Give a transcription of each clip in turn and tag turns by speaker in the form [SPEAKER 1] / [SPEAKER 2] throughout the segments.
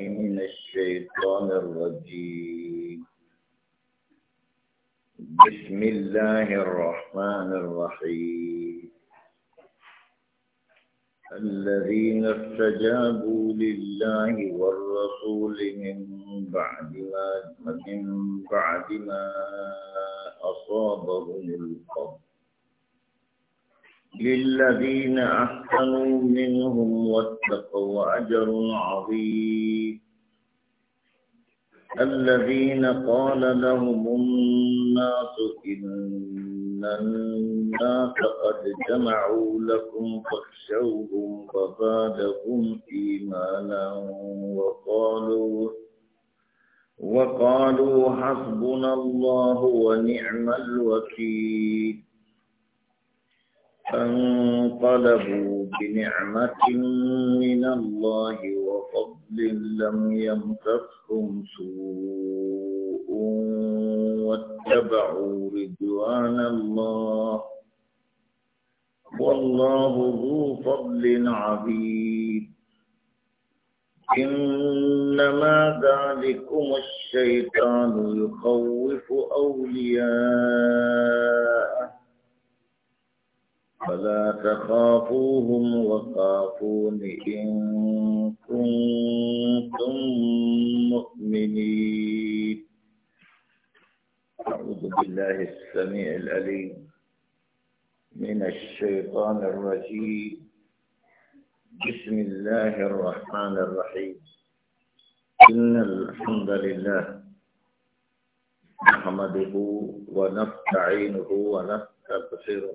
[SPEAKER 1] من الشيطان الرجيم بسم الله الرحمن الرحيم الذين استجابوا لله والرسول من بعد ما من بعد ما أصابهم القبر للذين أحسنوا منهم واتقوا أجر عظيم الذين قال لهم الناس إن الناس قد جمعوا لكم فاخشوهم فزادهم إيمانا وقالوا وقالوا حسبنا الله ونعم الوكيل فانقلبوا بنعمة من الله وفضل لم يمسسهم سوء واتبعوا رضوان الله والله ذو فضل عظيم إنما ذلكم الشيطان يخوف أولياءه فلا تخافوهم وخافون إن كنتم مؤمنين أعوذ بالله السميع العليم من الشيطان الرجيم بسم الله الرحمن الرحيم إن الحمد لله نحمده ونستعينه ونستغفره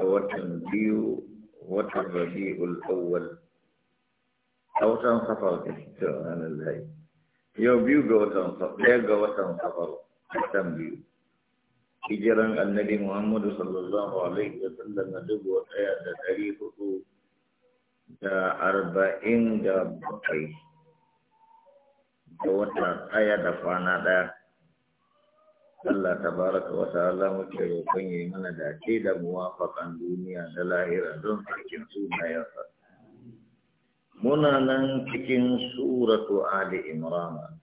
[SPEAKER 1] watan rabi'ul awwal a watan safar da shi ranar layi yau biyu ga watan safar ɗaya ga watan safar watan biyu hijiran annabi muhammadu sallallahu alaihi wa sallam na dubu ɗaya da ɗari hudu da arba'in da bakwai da wata ɗaya da kwana ɗaya Allah tabaraka wa ta'ala muke roƙon yi mana dace da muwafaƙan duniya da lahira don cikin sunayensa. Muna nan cikin suratu Ali Imran.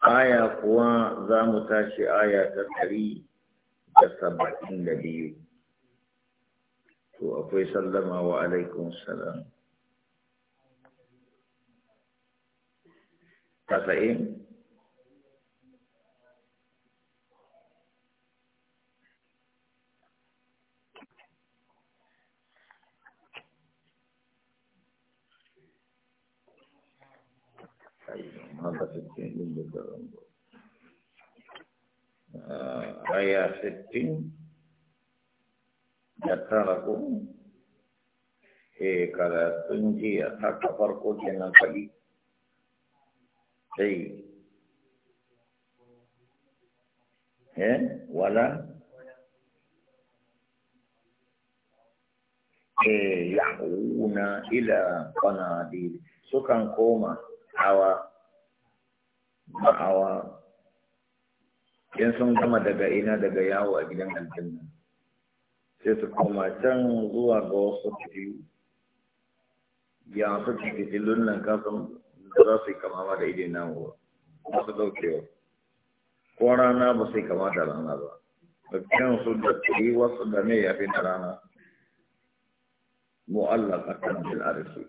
[SPEAKER 1] Aya kuwa za mu tashi aya ta ɗari da saba'in da biyu. To akwai sallama wa alaikun salam. Tasa'in. haka sittin ɗin da zango aya sittin da tara ko karatun jiya haka farko kenan faɗi sai wala ya'una ila qanadir sukan koma hawa ma'awa in sun gama daga ina daga yawo a gidan aljanna sai su koma can zuwa ga wasu fitilu ya su fitilun nan kasan da za su yi kama da idin namu ba su daukewa ko rana ba su yi kama da rana ba da su da turi wasu da ne ya fi na rana mu'allaka kan bil arshi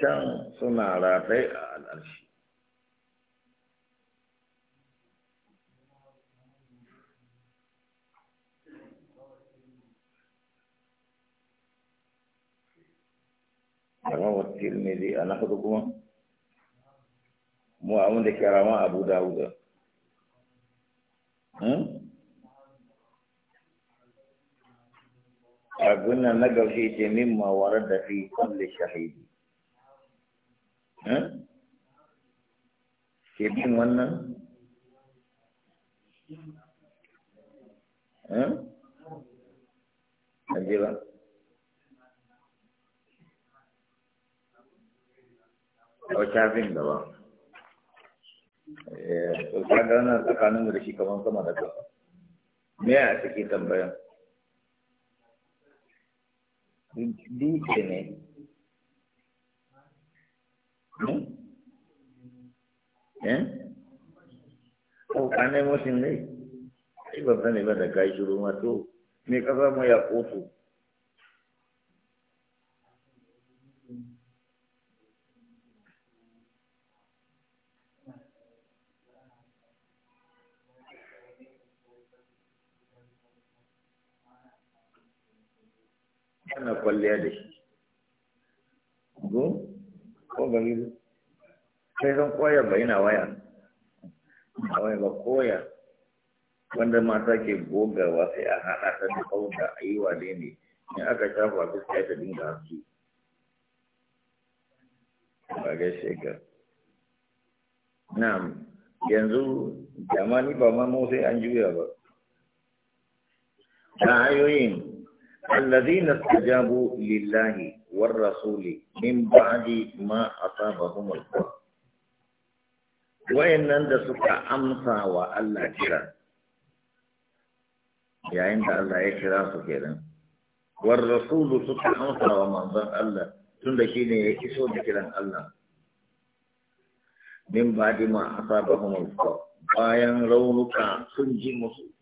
[SPEAKER 1] can suna ratai a al'arshi a tirmidhi anaxatu ah, kuma ah. mu amu ndeke rawa abu dauda ah. hmm? agunna nagal fiite mima warada fi kulli shahidi hmm? ke bin wannan hmm? ajiba a shafin gaba eh, tsoka gana tsakanin da shi kamar sama da kafa me a cikin tambayan dutse ne hmm? eh tsoka ne mutum ne kasa ya kotu ana kwalliya da shi go ko gari sai zan koya ba yana waya a waya ba koya wanda mata ke gogawa sai a hada ta da kauda a yi wa ne in aka shafa fuska ta dinga su. ba gaishe ka na'am yanzu jamani ba ma mu sai an juya ba ta ayoyin الذين استجابوا لله والرسول من بعد ما أصابهم القرح وإن أنت سكا أمسى وألا كرا يا أنت ألا يكرا سكرا والرسول سكا أمسى ومنظر الله تندشين يكسو ذكرا الله من بعد ما أصابهم القرح bayan raunuka sun ji musu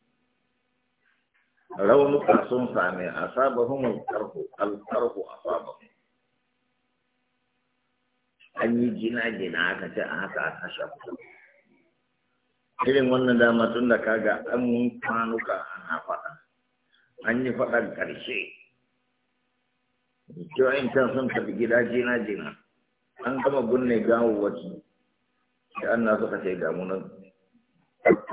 [SPEAKER 1] raunuka sun same a al-qarhu al-qarhu asabahum an yi gina-gina aka ce a haka a kashe ku irin wannan dama tun da kaga an mun kwanuka ana faɗa an yi faɗan ƙarshe in can sun tafi gida jina-jina an gama gunne gawawwaki da an na suka ce gamu nan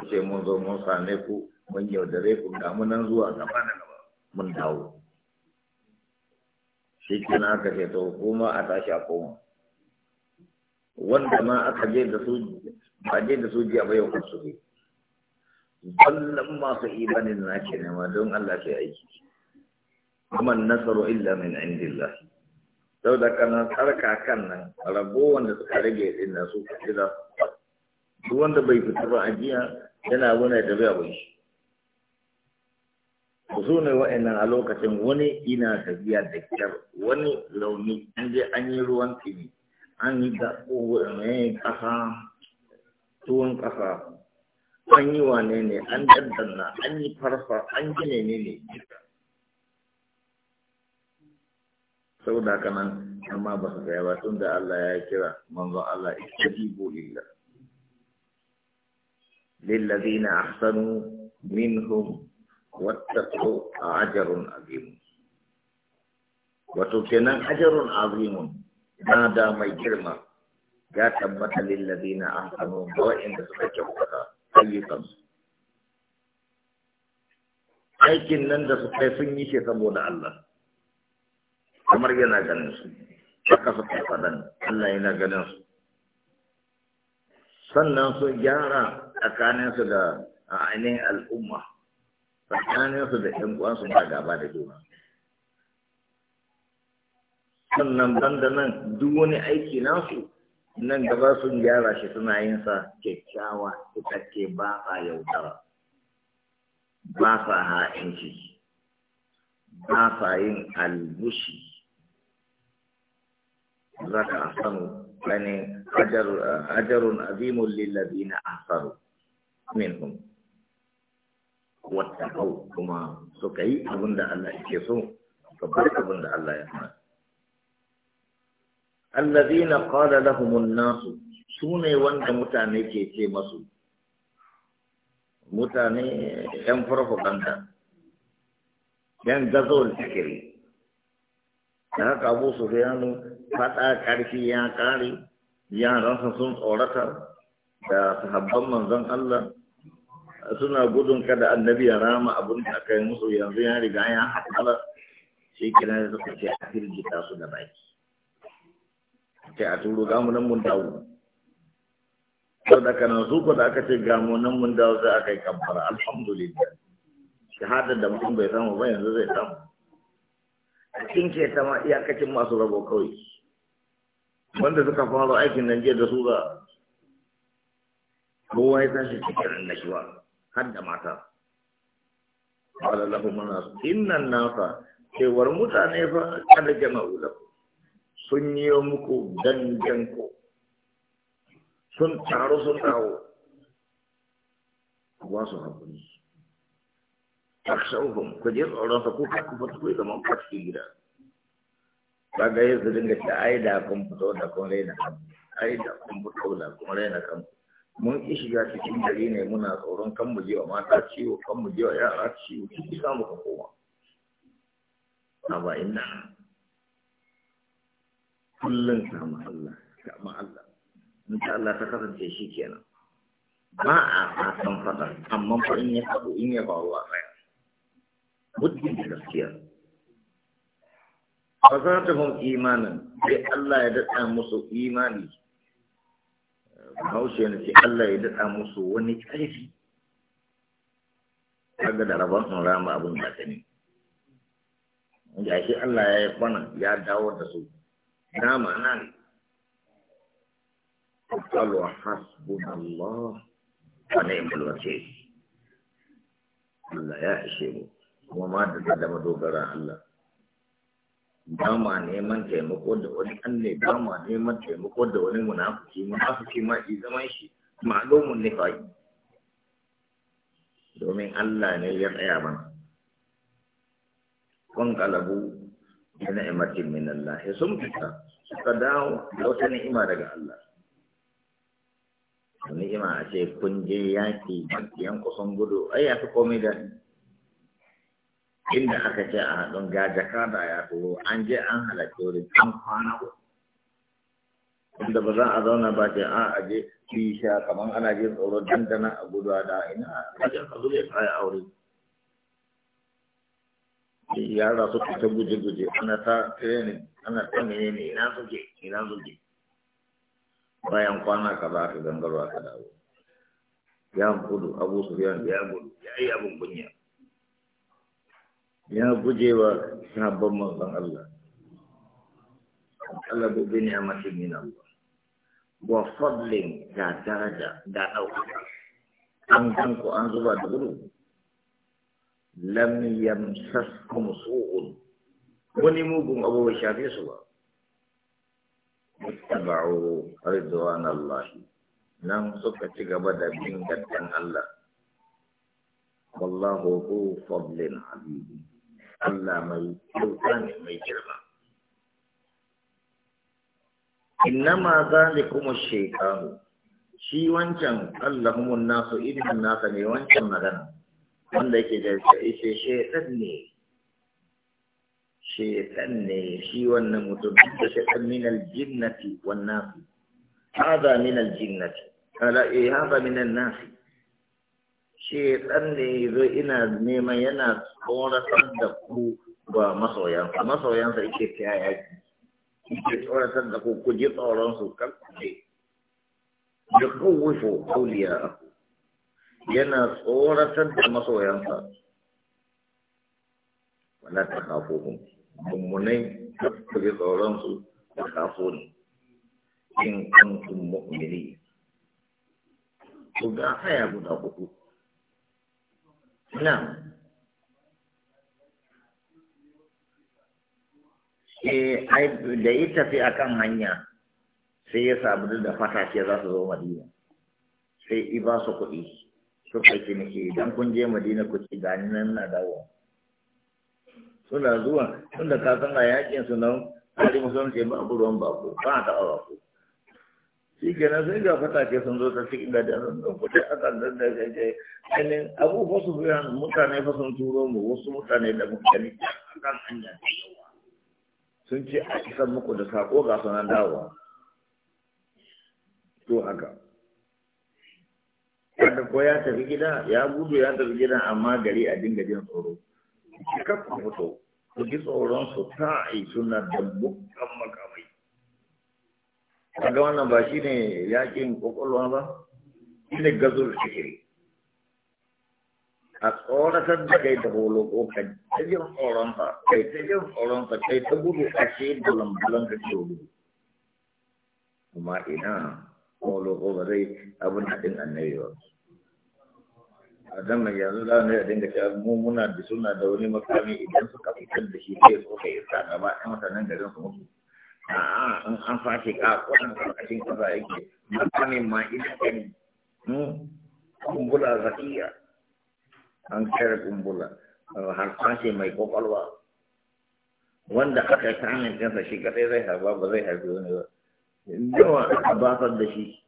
[SPEAKER 1] ce mun zo mun same ku mun yaudare ku damu nan zuwa gaba da gaba mun dawo shi kina aka ce to kuma a tashi a koma wanda ma aka je da su ba je da su ji ba bayan kan ne wannan masu imanin na ke nema don Allah ke aiki kuma nasaru illa min indillah sau da kana tsarka kan nan rabo wanda suka rage din na su ka gida. duk wanda bai fita ba a jiya yana wani da bai abin shi su ne wa'annan a lokacin wani ina tafiya da kyar wani launi an je an yi ruwan tini an yi da mai kasa tuwon kasa an yi wane ne an dandanna an yi farfa an yi ne ne Sau da kanan amma ba su kai ba tun da Allah ya kira manzo Allah ita na lillah lillazina ahsanu minhum wattaqu ajrun azim wato kenan ajrun azim na da mai girma ya tabbata lil ladina ahsanu wa inda suka kyautata ayyukan aikin nan da suka sun yi shi saboda Allah kamar yana ganin su haka suka fadan Allah yana ganin su sannan su gyara tsakaninsu da ainihin al'umma tsakaninsu da ‘yan uwansu ba gaba da juna. Sannan da nan duk wani aiki nasu nan gaba sun gyara shi suna yin sa kyakkyawa ita ce ba sa yaudara, ba sa ha'inci, ba sa yin albushi. Za ka asanu wani ajarun azimun na asaru minhum. wata kau kuma suka yi abin da Allah ke so ka bar abin da Allah ya hana allazina na lahum lahumun nasu ne wanda mutane ke ce masu mutane yan farfaganda yan gazol fikiri da haka abu su faɗa ƙarfi ya ƙare yaransa sun tsorata da sahabban manzon Allah suna gudun kada annabi ya rama abin da aka yi musu yanzu ya riga ya hatsala shi kira da suka ce a firgita su da baki ce a turo gamu nan mun dawo sau da kanan su ko da aka ce gamu nan mun dawo sai a kai kamfara alhamdulillah shahadar da mutum bai samu ba yanzu zai samu cikin ke ta ma iyakacin masu rabo kawai wanda suka fara aikin nan jiya da su za kowa ya shi cikin annashuwa har da mata qala lahum nas inna nasa cewar mutane fa kada jama'u lakum sun yi muku dangan ku sun taru sun dawo ku ba su haƙuri aksauhum ku kujin tsoron sa ku ku fata ku zaman kwaci gida ba ga su dinga ta ai da kun fito da kun raina kan ai da kun fito da kun raina kan ku mun ki shiga cikin gari ne muna tsoron kan mu je wa mata ciwo kan mu je wa yara ciwo ciki za mu koma amma ina kullum samu Allah kama Allah in ta Allah ta kasance shi kenan ba a fatan faɗa amma fa in ya faɗo in ya faru a tsaya muddin da gaskiya fa za ta hum imanin sai Allah ya daɗa musu imani bahaushe ne ce Allah ya daɗa musu wani ƙarfi kaga da rabon sun rama abin da ta ne gashi Allah ya yi kwana ya dawo da su dama nan قالوا حسبنا الله ونعم الوكيل Allah ya ishe mu kuma ma da da madogara Allah ba ma neman taimako da wani an ne ba ma neman taimako da wani munafuki munafuki ma i zaman shi ma'lumun nifaqi domin Allah ne ya tsaya mana kun kalabu da ni'imatin min Allah sun fita suka dawo da wata ni'ima daga Allah ni'ima a ce kun je yaki yan kusan gudu ai ya fi komai daɗi inda aka ce a haɗin ga jakada ya turo an je an halarci wurin an kwana inda ba za a zauna ba ce a aje sha kamar ana jin tsoro dandana a guduwa da ina a jin ka zuwa kaya aure yara su ta guje-guje ana ta training ana ta ne ina suke ina suke bayan kwana ka za ka gangarwa ka dawo ya gudu abu su ya gudu ya yi abin kunya ya guje wa sahabban manzon Allah Allah bu bi ni'matin na ba. wa fadlin da daraja da ɗauka. an kan ku an zuba da gudu lam yamsaskum su'un wani mugun abu bai shafe su ba ittaba'u ridwan Allah nan suka ci gaba da bin gaddan Allah wallahu hu fadlin habibin Allah mai kyauta ne mai girma. Innama zalikum shaytanu shi wancan allahumun nasu idan nasa ne wancan magana wanda yake da ishe shaytan ne shaytan ne shi wannan mutum da shaytan min aljinnati wan nas hada min aljinnati kala eh hada min an-nasi shedan ne yazo ina neman yana tsoratar da ku ba masoyansa masoyansa yake ta yaki yake tsoratar da ku ku ji tsoron su kan kuɗe ya kawufo auliya yana tsoratar da masoyansa wala ta kafo mu mummunai ku ji tsoron su ta kafo ne in kuntum mu'mini ku ga haya guda hudu نعم Ke eh, ai da ya tafi kan hanya sai ya sabu da fatake za su zo madina sai i ba su kuɗi suka ce nake idan kun je madina ku ci gani nan na dawo suna zuwa tun da kasan a yakin su nan ali musulunci ba a ruwan ba ku ba ta awa ku shi kenan sai ga fatake sun zo ta cikin gada sun zo kuɗi a kan da ya ce ainihin abubuwa su fi mutane fa sun turo mu wasu mutane da muka gani a kan hanya sun ce a kisan muku da saƙo ga sunan dawowa to haka wanda ko ya tafi gida ya gudu ya tafi gida amma gari a dinga jin tsoro kakkan fito ku ji tsoron su ta'i suna da bukkan makam kaga wannan ba shi ne yakin kwakwalwa ba shi ne gazul shikiri a tsoratar da kai ta holo ko ka ta jin tsoronsa kai ta jin tsoronsa kai ta gudu a shi bulan-bulan ka ce gudu kuma ina holo ko ba zai abin haɗin annabi ba a dan mai yanzu za mu dinga cewa mu muna da suna da wani makami idan suka fitar da shi sai suka yi sa gaba ɗan mutanen garin su mutu a'a an fashi ka kwanan karkashin kaza yake makamin ma ina gani hmm? kumbula zakiya an kare kumbula har fashi mai kwakwalwa wanda aka yi kanin kansa shi kadai zai harba ba zai harbi wani ba yawa aka basar da shi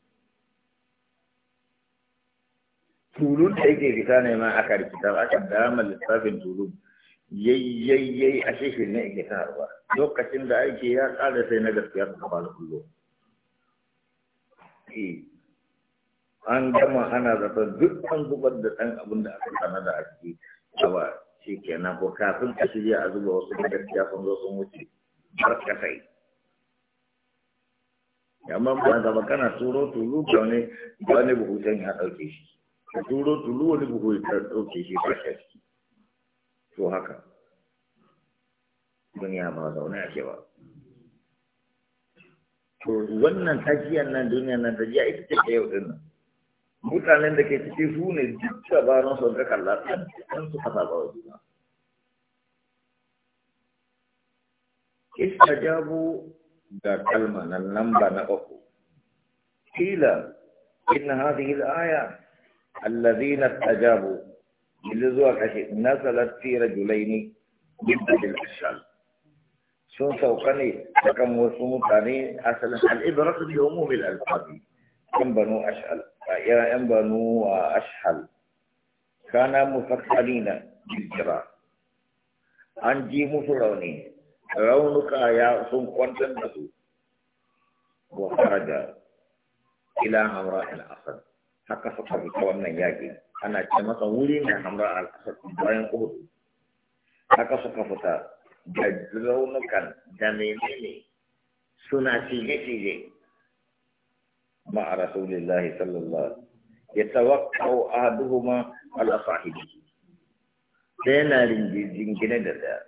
[SPEAKER 1] tulun da yake fita ne ma aka rikita aka dama lissafin tulun yayyayyai a shi ne yake karuwa lokacin da aiki ya tsada sai na gaskiya ta kaba da kullum e, an gama ana zaton duk an zubar da ɗan abin da aka sana da ake ba shi kenan ko kafin ka shirya a zuba wasu da gaskiya sun zo sun wuce barkatai amma ba da kana turo tulu ga wani wani buhu ya ɗauke shi turo tulu wani buhu ya ɗauke shi ba shi to haka duniya ba zaune ake ba to wannan tajiyar nan duniya nan tajiya ita ce ta yau dinnan mutanen da ke ciki su ne duk dabarun su ga kalla ɗan su kasa ba wajen jabu da kalma nan nan ba na uku kila inna hadhihi al-aya alladhina istajabu يلزوك أشي نزلت في رجلين جدا بالأشعال سن سوقني لكم وصموا تاني أسل الإبرة بعموم الألفاظ كم بنو أشعل يا أم بنو أشحل كانا مفصلين بالجرا أنجي مفروني رونك يا سن قنتم نسو وخرج إلى أمراء الأصل حق سقر كوامنا ياجي ana ce masa wuri mai hamra al'asar bayan uhudu haka suka fita da raunukan da menene suna shige-shige مع رسول الله صلى الله عليه وسلم يتوقع أحدهما على صاحبه سينا رنجين جنة دا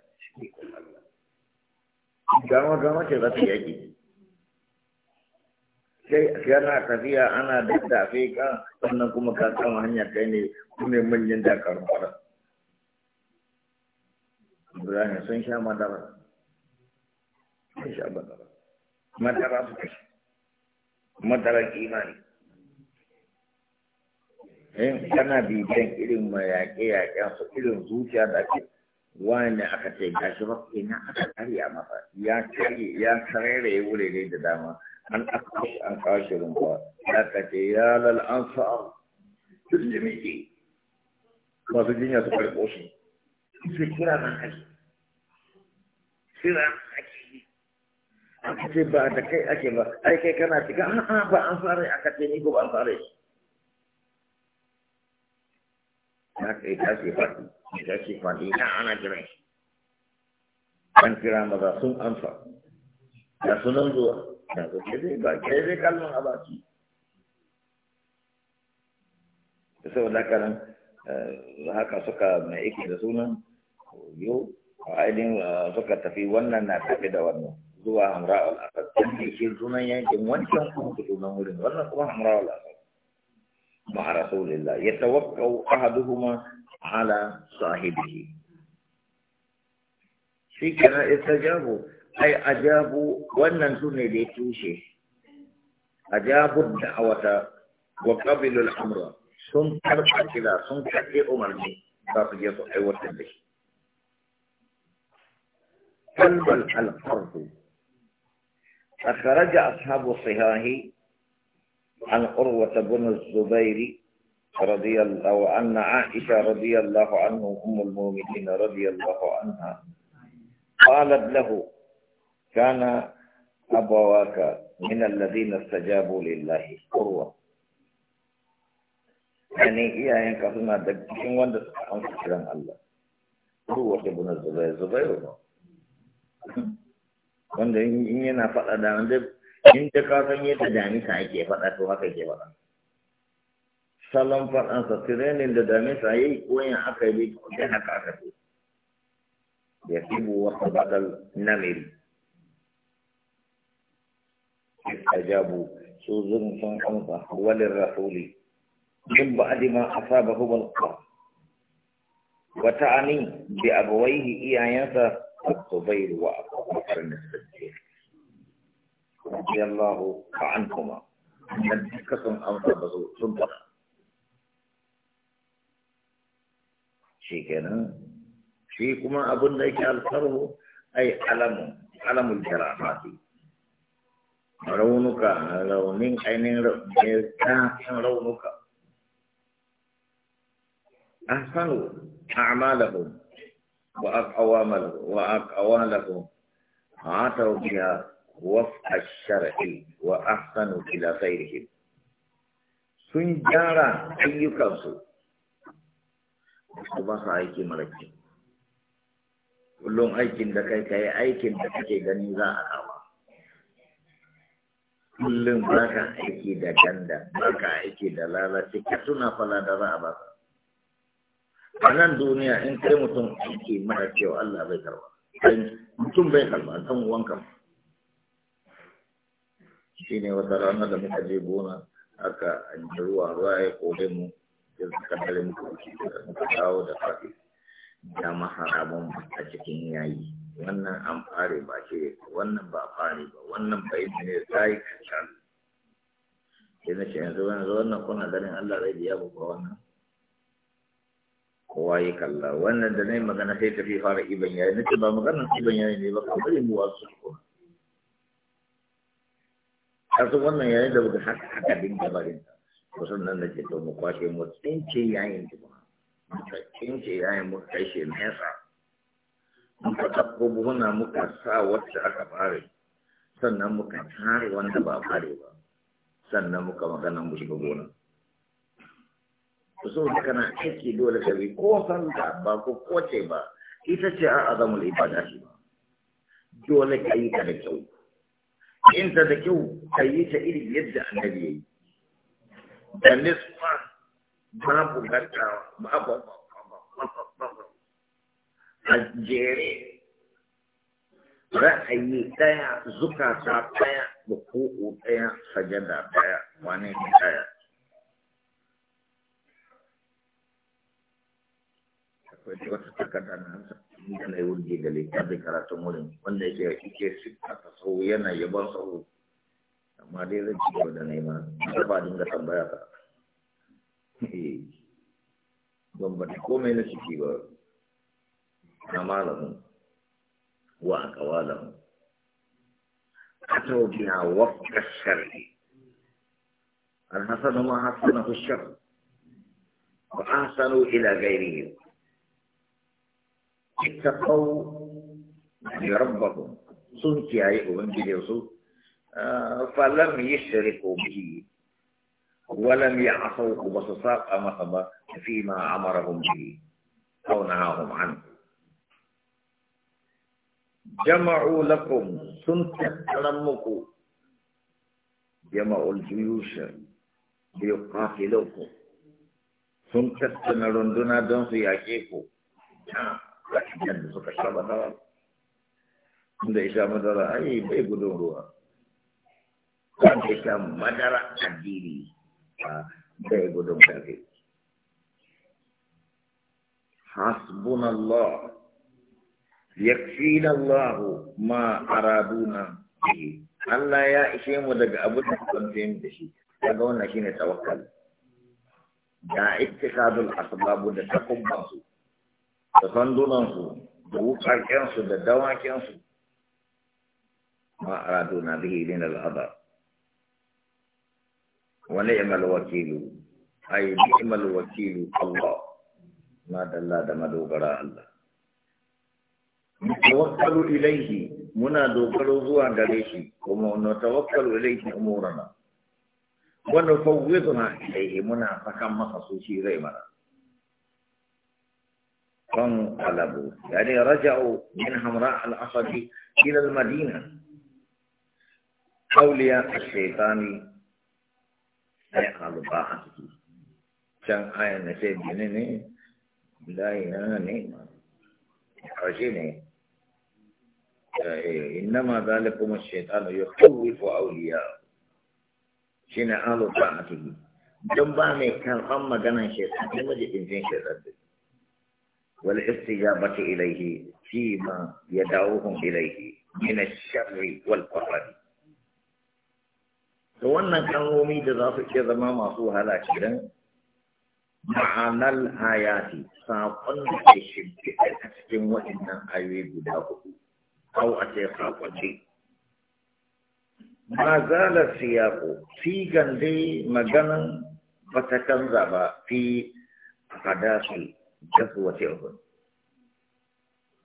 [SPEAKER 1] جامعة جامعة شغطة yaki. sai yana tafiya ana daddafe ka sannan kuma ka kama hanya kai ne kuma manyan dakarun fara Ibrahim sun sha madara sun sha madara madara su kashi madara imani in kana bibiyan irin mayaƙe-yaƙen su irin zuciya da ke wani aka ce gashi ba ina aka karya masa ya karye ya karere wurare da dama an akwai an kashirin ba ya kace ya lal an sa'ar miki masu jinya su karɓo shi su kira nan ake kira ake yi aka ba da kai ake ba ai kai kana cika a'a ba an fara aka ce ni ko ba an fara ya kai tashi faɗi tashi faɗi na ana jira shi an kira maza sun amsa da sunan zuwa yanzu ke dai ba ke dai kallon a baki da saboda haka nan haka suka mai aiki da sunan yau ainihin suka tafi wannan na tafi da wannan zuwa hamra al-asad can ne shi sunan yankin wancan kuma sunan wurin wannan kuma hamra al-asad مع رسول الله يتوقع أحدهما على صاحبه في كان استجابوا ai ajabu wannan su da tushe ajabu da'awata wa qabilu al-amra sun karɓa kira sun karɓe umarni za su je su aiwatar da shi kalbal al-ardu أخرج أصحاب الصهاه عن عروة بن الزبير رضي الله عنه عائشة رضي الله عنه أم المؤمنين رضي الله عنها قالت له كان أبواك من الذين استجابوا لله قروة يعني إياه إنك سنة دكتين وانت سبحان سكران الله قروة ابن الزبير زبير wanda in yana faɗa da wanda in kasan yadda damisa ake faɗa to haka ke faɗa salon faɗansa tirenin da damisa ya yi koyin aka yi da haka aka fi. ya fi buwa sabadal namiri استجابوا سوزن صنعمة وللرسول من بعد ما أصابه القرح وتعني بأبويه إيايات الصبير وأبو بكر الصديق رضي الله عنهما من دكة أمر بزو صدق شيء كنا شيء كما أبو لك الفرح أي علم علم الجراحات raunuka raunin ainihin mai zafin raunuka ahsanu a'malahum wa aqwamalahum wa aqwalahum ataw biha waf'a ash-shar'i wa ahsanu ila ghayrihim sun gyara ayyukansu su ba su aiki malaki kullum aikin da kai kai aikin da kake gani za a kama kullum baka ka aiki da ganda baka aiki da lalace ka suna fala da za a ba a nan duniya in kai mutum aiki mara cewa Allah bai karba mutum bai karba dan wanka shi ne wata rana da muka je gona aka ruwa ruwa ya kore mu ya suka dare muka wuce muka dawo da fafi da maharamun a cikin yayi wannan an fare ba ke, wannan ba fare ba wannan ba ne sai kacan sai na ce yanzu yanzu wannan kuna ganin Allah zai biya muku wannan kowa yi kalla wannan da nai magana sai tafi fara iban yayi nace ba magana iban yayi ne ba kamar yin buwa su ko kasu wannan yayi da buga haka haka dinga barin nan da ke to mu kwashe mu tsince yayin ki ba tsince yayin mu kai shi nesa muka buhuna muka sa wacce aka fare sannan muka tare wanda ba a fare ba sannan muka magana mu shiga gona to saboda kana aiki dole ka bi ko sanda ba ko koce ba ita ce a da ibada shi ba dole ka yi ta da kyau in ta da kyau ka yi ta iri yadda annabi ya yi da nisfa babu gaddawa babu a jere ra'ayi ɗaya zukata ɗaya bukuku ɗaya sajada ɗaya wane ne ɗaya akwai wata takarda na hamsa da na yi wurge da littafi karatun wurin wanda yake ike sitta ta sau yana yaban sau amma dai zan ci gaba da nema da ba dinga tambaya ka eh, ban ba komai na ciki ba أعمالهم وأقوالهم أتوا بها وفق الشرع الحسن ما حسنه الشرع وأحسنوا إلى غيرهم اتقوا يعني ربهم سنتي عليهم أمم بليسوا آه، فلم يشركوا به ولم يعصوه بسطاق أمثبا فيما أمرهم به أو نهاهم عنه jama'u lakum sun tattaran muku jama'ul juyusha bi qafilukum sun tattana runduna don su yaƙe ku kashin da suka saba dawa inda ya sha madara ai bai gudun ruwa wanda ya madara addini bai gudun kafin hasbunallah yakfina Allah ma araduna Allah ya ishe mu daga abin da kan mu da shi daga wannan shine tawakkal da ittikadul asbab da takubban su da sandunan su da wukarken su da dawaken su ma araduna bihi min al-adab wa ni'mal wakilu ay ni'mal wakilu Allah ma dalla da madogara Allah نتوكل إليه منا دوكلو زوا كما نتوكل إليه أمورنا ونفوضنا إليه منا فكم مخصوصي ريمنا فانقلبوا يعني رجعوا من حمراء الأسد إلى المدينة أولياء الشيطان أي أربعة كان آية نسيب جنيني لا يناني ما ne إنما ذلكم الشيطان يخوف أولياء شين أهل طاعته جنبا مي كان أما جنا شيطان لما جئت إنسان شيطان والاستجابة إليه فيما يدعوهم إليه من الشر والقرب فوانا كان ومي دضافك يضما ما صوها لا شيرا معنى الآيات ساقن في الشبكة أسجم وإنا أيوه داخل أو أتي خاطبي ما زال السياق في جندي مجانا فتكنزب في حداث جفوة أهد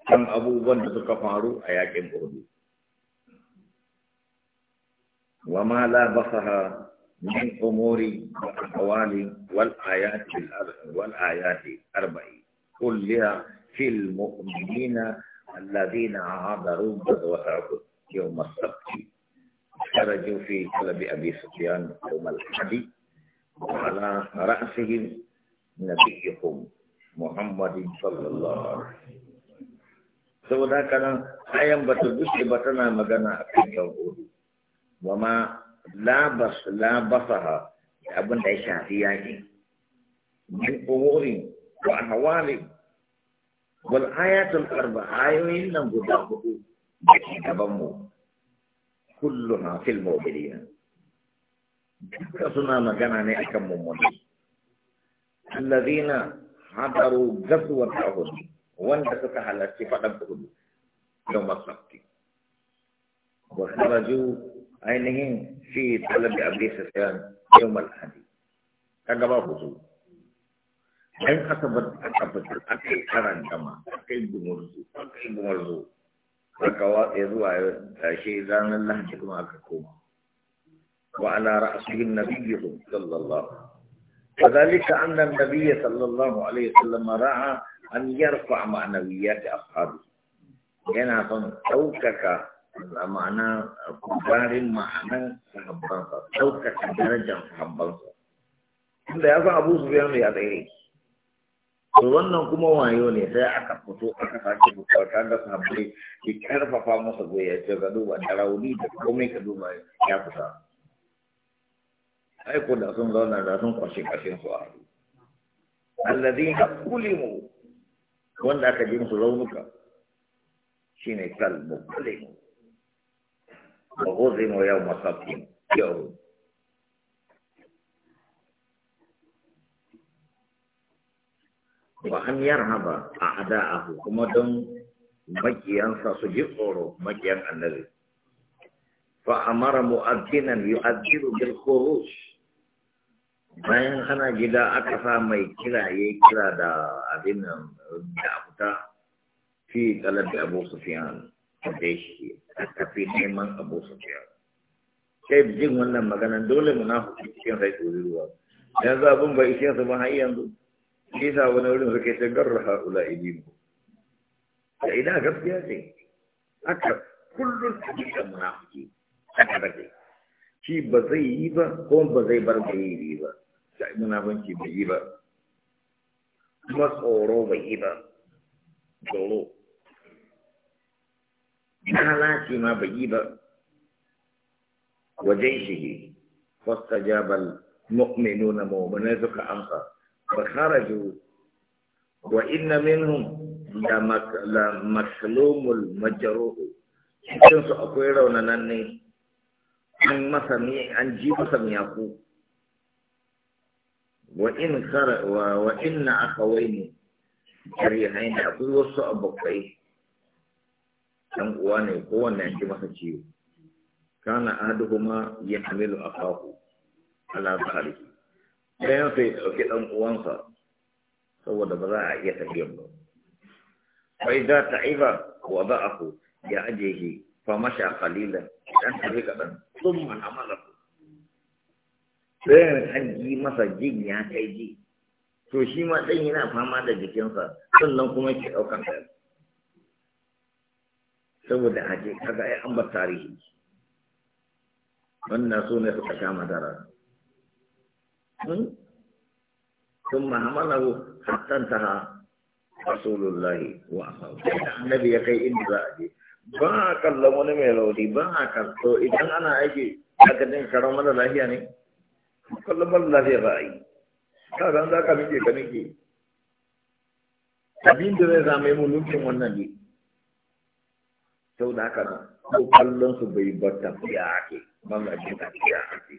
[SPEAKER 1] كان أبو بن تكفارو أياك أهد وما لا بصها من أمور والأحوال والآيات والآيات أربعين كلها في المؤمنين الذين عادوا بدوة عبد يوم السبت خرجوا في كلب أبي سفيان يوم الحدي وعلى رأسهم نبيكم محمد صلى الله عليه وسلم سودا كان أيام بتدوش بتنا مجانا في الأول وما لا بس لا بصها أبن عيشة فيها من أمور وأحوالهم wal ayatul arba ayoyin nan guda hudu da ke gaban mu kulluna fil mawdiliya duka suna magana ne akan mummuni allazina hadaru gaswar tahud wanda suka halarci fadan kudu yau masabti wa kharaju ainihin fi talab abi sufyan yawm al-hadi kaga ba hudu وعلى رأسه النبي صلى الله وذلك أن النبي صلى الله عليه وسلم رعى أن يرفع معنويات أصحابه هنا أظن معنى كبار معنى صحب بنصر توكك درجة صحب بنصر إذا أبو سبيان يعطيه to wannan kuma wayo ne sai aka fito aka sake bukata da sabbi ki karfafa masa ya ce ga duba da rauni da komai ka duba ya fita ai ko da sun zauna da sun kwashe kashin su a alladhina kulimu wanda aka ji musu raunuka shine kalbu kulimu wa huzimu yawma sabtin yawm wa an yarhaba a ada ada'ahu kuma don makiyansa su ji tsoro makiyan annabi fa amara mu'addinan yu'addiru bil khuruj bayan ana gida aka sa mai kira ya kira da abin nan da abuta fi talabi abu sufyan da shi aka fi neman abu sufyan sai jin wannan magana dole munafiki cikin rai tsoriwa yanzu abin bai ishe su ba har yanzu Isa wani wurin suke ce garra ha'ula idinu. Da ina gaskiya ce, haka kullum a gidan munafiki, haka take. Shi ba zai yi ba, ko ba zai bar da yi yi ba. Sai munafanci bai yi ba. Kuma tsoro bai yi ba. Tsoro. Lalaci ma bai yi ba. Wajen shi, fasta jabal mu'minuna mu'minai suka amsa. فخرجوا وإن منهم لمسلوم المجروح cikin su akwai raunanan ne an masa mi an ji masa miyaku wa in kara wa inna akawai ne jarihai ne akwai wasu abokai dan uwa ne kowanne an ji masa ciwo kana ahaduhuma ya hamilu akahu ala ɗayan sai ɗauki ɗan uwansa saboda ba za a iya tafiya ba bai za ta iba wa za a ku ya aje shi fa masha kalila ɗan tafi kaɗan sun mana mala ku ɗayan an ji masa jin ya kai ji to shi ma ɗan yana fama da jikinsa sannan kuma ke ɗaukar ka. saboda a aje kaga ai an bar tarihi wannan su ne suka sha madara ثم حمله حتى انتهى رسول الله وأصحابه النبي يقي إن بعدي ba kallon wani mai rauni ba a idan ana aiki aka din karo mana ne kallon mana lafiya ba a yi ka san za ka miƙe ka miƙe abin da zai zama mu mulkin wannan ne sau da haka na ko kallon su bai bar tafiya ake ban ga ake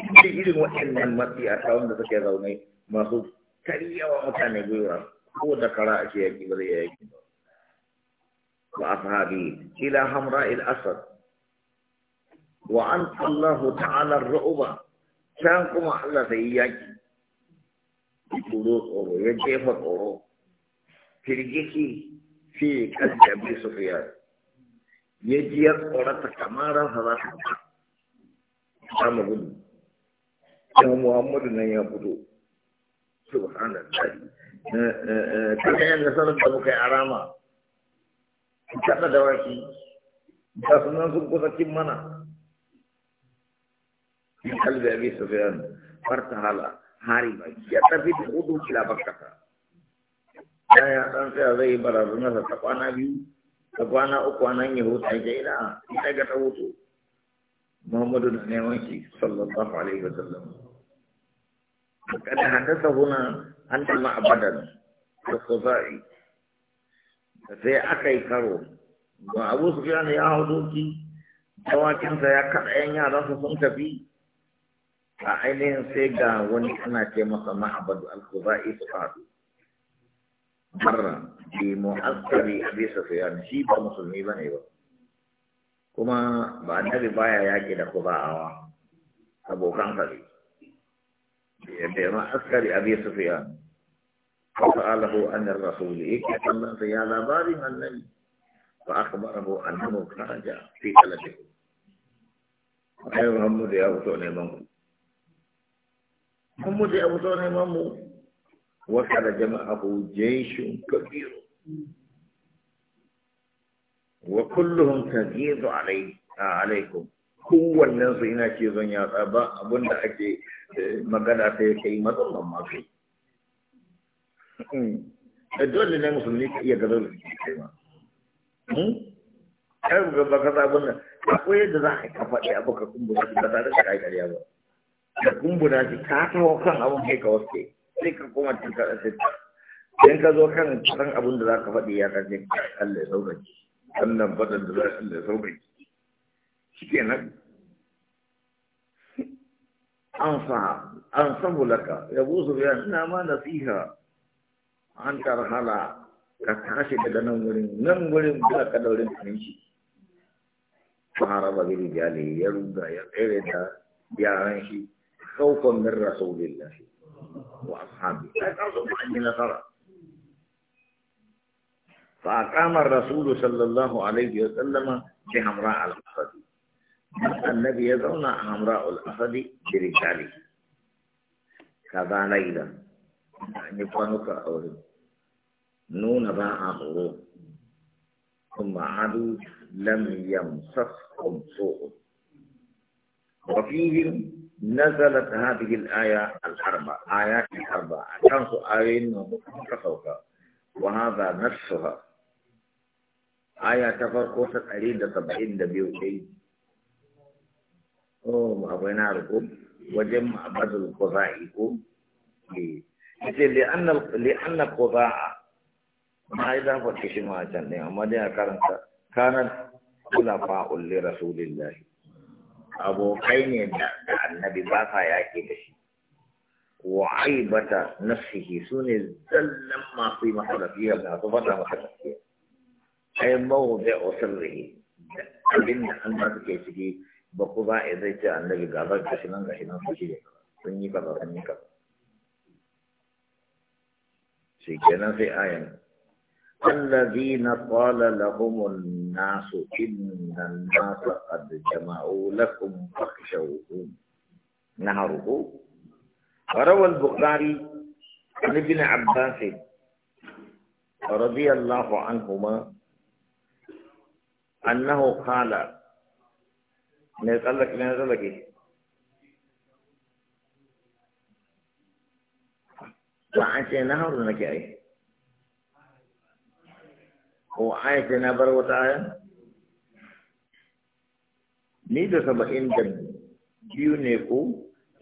[SPEAKER 1] inda irin waɗannan matsiyata wanda suke zaune masu karyawa mutane gwiwa ko da kara ake yaƙi ba zai yaƙi ba a ashabi ila hamra il asad wa an allahu ta'ala ru'uba can kuma allah sai yaƙi tsoro tsoro ya jefa tsoro firgiki fi kan jabi sufiyar ya ji ya tsorata kamar ransa za ta gudu sai Muhammadu nan ya fito subhanallahi eh, eh, eh, ta ga yanda sanar da muka yi arama kada da waki da sunan sun kusa kin mana in kalbi abi sufyan hala, hari ba ya tafi da hudu kila bakkata ya ya dan sai zai barazana ta kwana biyu ta kwana uku nan ya hoto ga ina ya ga ta hutu Muhammadu na neman shi sallallahu alaihi wa sallam. Kada haddasa huna an tama a badan da sosai. Sai aka yi karo, ba abu su fiya ya hau doki, dawakinsa ya kaɗa yan yara su sun tafi. A ainihin sai ga wani ana ce masa ma'abadu al-kuzai su faɗi. Barra, bi mu'azzari a bisa su yana shi ba musulmi ba ne ba. kuma ba annabi baya yaƙi da kubawa abokan kare yadda yana askari a biyu sufiya ko ta alahu an yar rasuli yake kallon sa ya labarin annabi ba aka bara bu annabu karaja fi talabi ayi muhammadu ya fito neman ku muhammadu ya fito neman mu wa kala jama'ahu jayshun kabiru wa kulluhum tajidu alai alaikum kowannen su ina ce zan yatsa ba abinda ake eh, magana ta ya kai matsalan masu hmm. eh, dole ne musulmi ka iya gazar da kai ma hmm? kai ga ba ka sabon nan akwai yadda za a kafa ɗaya abu ka kumbura shi ba tare da kai ƙarya ba da kumbura shi ka tawo kan abin kai ka wasu sai ka koma cikin kaɗa sai in ka zo kan kan abin da za ka faɗi ya kace Allah ya sauƙaƙe wannan faɗan da za su da sauƙi shi ke nan an samu laka ya buzu ya ina ma nasiha an tarhala ka tashi daga nan wurin nan wurin ba ka daurin kanci fara ba gidi jali ya ruga ya tsere da yaran shi saukon min rasulillah wa ashabi ai kan so an yi nasara فأقام الرسول صلى الله عليه وسلم بحمراء الأسد النبي يدعونا حمراء الأسد برجاله كذا ليلا نفنك يعني أولي نون باع غروب ثم عادوا لم يمسسكم سوء وفيهم نزلت هذه الآية الأربع آيات الأربع خمس آيات وهذا نفسها aya ta farko ta ɗari da saba'in da biyu ɗai oh ma akwai na ruku wajen ma'abadul kuza'i ko ke eh, ita li'anna za'a. ma yi za faɗi shi ma can ne amma dai a karanta kanar kula fa'ul li rasulillah abokai ne da annabi ba sa yaƙi da shi wa aibata nafsihi sune zallan masu yi masa lafiya da su faɗa masa lafiya ai mawuɗe sirri abin da Allah suke ciki ba ku ba a zai ce annabi ga ba gashi nan gashi nan su shirya sun yi kaza sun yi kaza shi kenan sai ayan الذين قال لهم الناس إن الناس قد جمعوا لكم فاخشوهم نهره وروى البخاري عن ابن عباس رضي الله عنهما annahu qala ne tsallake ne tsallake ba an ce na hauru nake ai ko aya ce na bar wata aya ni da saba'in da biyu ne ko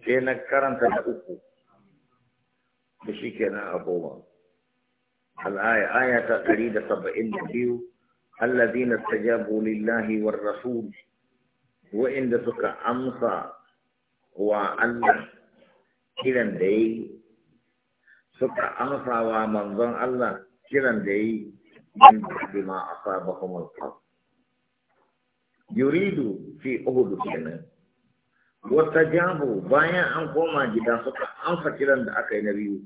[SPEAKER 1] sai na karanta da uku da shi kenan a goma al'aya aya ta ɗari da saba'in da biyu Allah استجابوا لله والرسول وإن دسك أمسى وأن suka amsa wa manzon Allah kiran da ya yi min ba'di ma asabahum al-qaw yuridu fi uhud kenan wata jabu bayan an koma gida suka amsa kiran da aka yi na biyu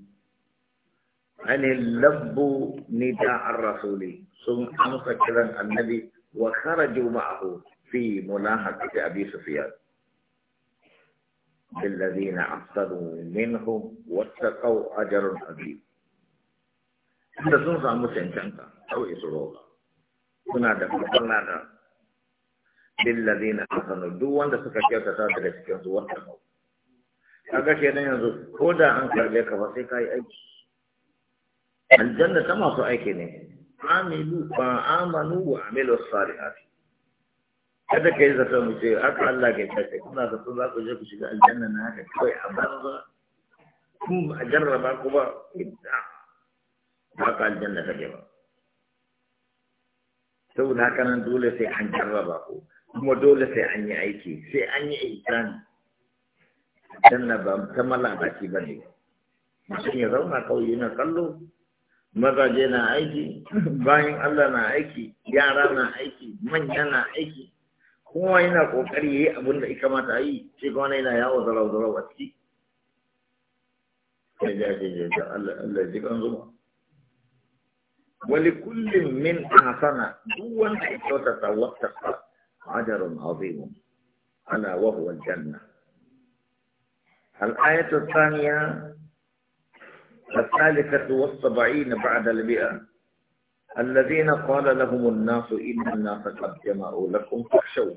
[SPEAKER 1] Ani labbu ni da an rasuli sun amsa kiran annabi wa kharaju ma'ahu fi mulahaqati abi sufyan بالذين أحسنوا منهم واتقوا أجر عظيم da sun samu cancanta kawai su roba. suna da farkon lada billazi na asanu duk wanda suka kyautata daga cikin su wata kaga kenan yanzu ko da an karbe ka ba sai ka yi aiki aljanna ta masu aiki ne amilu ba amanu wa amilu salihat kada kai zata mu ce haka Allah ke kace kuna da za ku je ku shiga aljanna na haka kai a banza kun ba jarraba ku ba ka aljanna ta ke ba saboda haka nan dole sai an jarraba ku kuma dole sai an yi aiki sai an yi ihsani aljanna ba ta mala baki ba ne mutum ya zauna kawai yana kallo mazaje na aiki bayan Allah na aiki yara na aiki manya na aiki kowa yana kokari yayi abin da ika mata yi sai kuma wani yana yawo zarau zarau a ciki sai da da da Allah Allah ji kan zuwa wali kullin min hasana duk wanda ya kyauta ta wata ajrun azim Ana wa huwa aljanna al ayatu thaniya الثالثة والسبعين بعد المئة الذين قال لهم الناس إن الناس قد جمعوا لكم فاخشوهم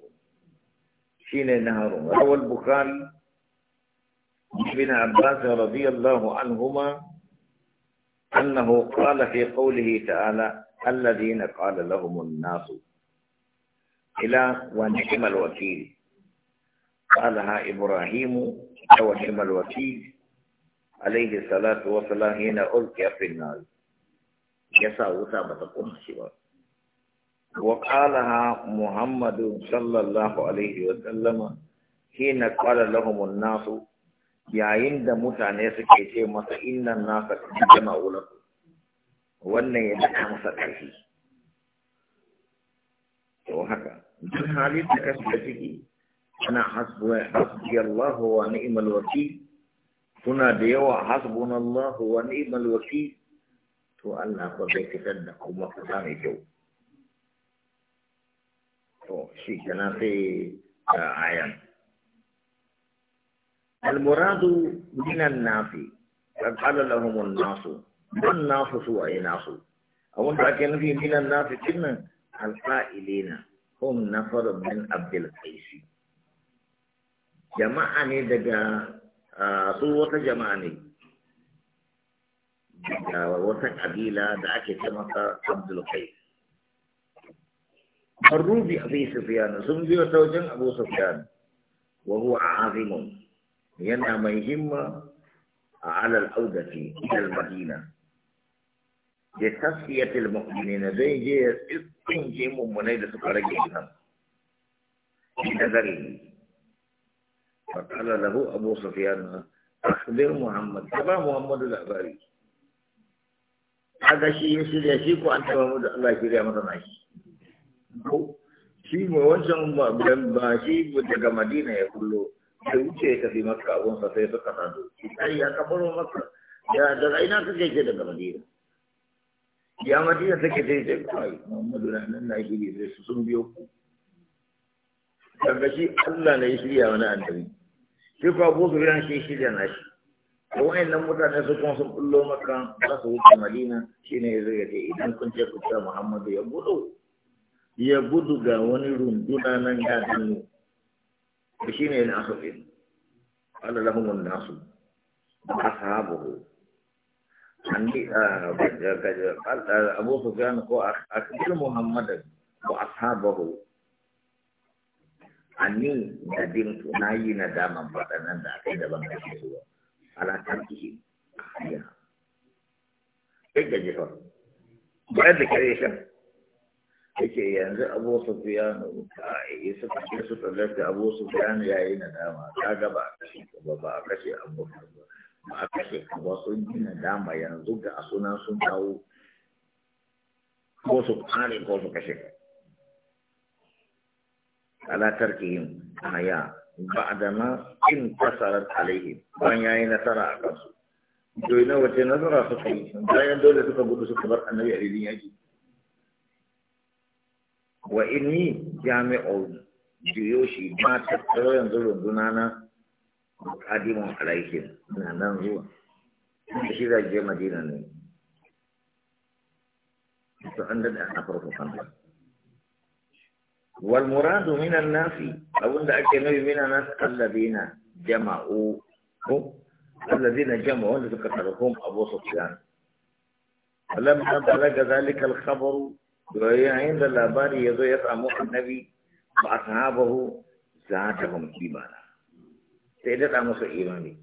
[SPEAKER 1] حين نهارهم روى البخاري ابن عباس رضي الله عنهما أنه قال في قوله تعالى الذين قال لهم الناس إلى ونعم الوكيل قالها إبراهيم ونعم الوكيل alaihi salatu wa salam yana ulqiya fi nar yasa wuta ba ta kuma shi ba wa qalaha muhammadu sallallahu alaihi wa sallama hina qala lahum an-nas yayin da mutane suke ce masa innan nasa jama'u lakum wannan ya daka masa ƙarfi to haka duk halin da kasu da ciki ana hasbiyallahu wa ni'mal wakil suna da yawa hasbunallahu wa ni'mal wakil to Allah ba zai fitar da kuma fita mai kyau to shi kenan sai ayan المراد من الناس فقال لهم الناس من الناس سوى ناس أو لكن في من الناس كنا القائلين هم نفر من عبد القيس جماعة دجا Ah, su wata jama'a ne da wata kabila da ake ce masa abdulkai Marubi Abi Sufyan sun biyo ta wajen Abu Sufyan wa huwa azimun yana mai himma a alal audati ilal madina da tasfiyatil mu'minina zai je ya tsinje mummunai da suka rage nan da gari فقال له A سفيان أخبر محمد تبع محمد الأباري هذا شيء يسير يشيك وأنت محمد الله يسير يا مدناش shi mai wancan ba shi daga madina ya kullo sai wuce ya tafi maka abunsa sai suka sadu sai ya kabaro maka ya daga ina kake ke daga madina ya madina take sai sai kai muhammadu na nan na shi ne sai sun biyo daga shi Allah ne ya shirya wani annabi shi ko su ran shi shirya na shi wani nan mutane su kuma sun bullo maka za su wuce Madina shine ne ya ce idan kun ce ku ta Muhammadu ya gudu ya gudu ga wani runduna nan ya dinu ne na asabi Allah lahum mun nasu ashabuhu andi ah, Abu Sufyan ko a akhir Muhammadan ko ashabahu ani da dimtu na yi na daman faɗanan da aka yi daban da ke zuwa alaƙar kishi ya duk da jifar bayan da kare shan yake yanzu abu su fiya a yi su ce su tsallarta abu su fiya ya yi na dama ta gaba a kashe ba ba a kashe abu ba a kashe ba sun yi na dama yanzu ga a sunan sun kawo ko su kare ko su kashe ala tarkihim ahya ba'dama intasarat alaihim bayan yayi nasara a kansu to ina wace nasara suka yi bayan dole suka gudu suka bar annabi a ridin yaki wa inni jami'u juyoshi ma tattaro yanzu runduna na kadimun alaihim na nan zuwa shi da je madina ne to an da a farko kan والمراد من الناس أو أن أكمل من الناس الذين جمعوا هم الذين جمعوا ذكرهم أبو سفيان فلما بلغ ذلك الخبر عند الأبار يزوي يسأمه النبي وأصحابه زادهم إيمانا سيدة أمس إيماني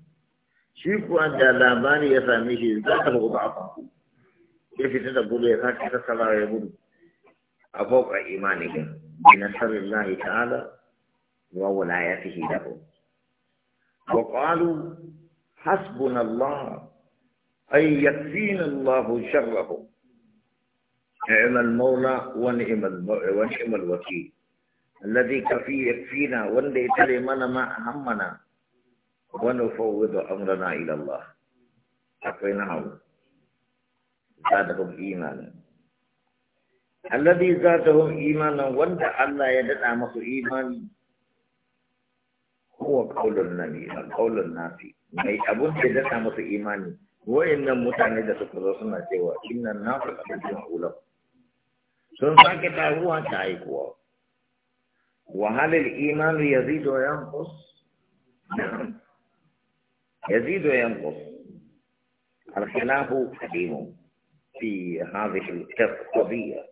[SPEAKER 1] شيكو أن الأبار يسأمه زادهم ضعفا كيف تتبول يسأمه صلى الله عليه وسلم أفوق إيمانه بنصر الله تعالى وولايته له وقالوا حسبنا الله أن يكفينا الله شره نعم المولى ونعم ونعم الوكيل الذي كفي يكفينا والذي تلمنا ما همنا ونفوض أمرنا إلى الله أقيناه زادهم إيمانا الذي زادهم ايمانا وانت الله يدعى مخو ايمان هو قول النبي القول الناس اي ابون يدعى مخو ايمان وان متعني دعى رسولنا سيوا ان الناس قدوا اولا سن ساكي تاهوا تايقوا وهل الايمان يزيد وينقص نعم. يزيد وينقص الخلاف قديم في هذه القضيه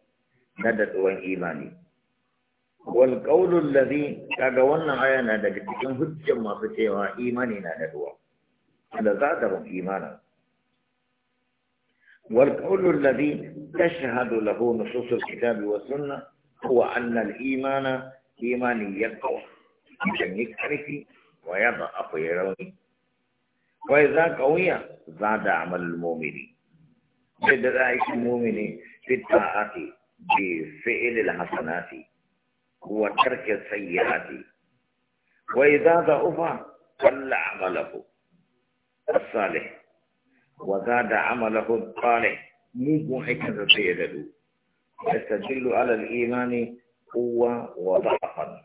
[SPEAKER 1] ندت وان إيماني والقول الذي كاغوانا آية ندت كان هجة ما فتوى إيماني ندت وان هذا زادهم إيمانا والقول الذي تشهد له نصوص الكتاب والسنة هو أن الإيمان إيمان يقوى عشان يكترث ويضعف يروني وإذا قوي زاد عمل المؤمن جد ذلك المؤمن في الطاعة بفعل الحسنات وترك السيئات وإذا ضعف قل عمله الصالح وزاد عمله الصالح مو حكمة سيده يستدل على الإيمان قوة وضعفا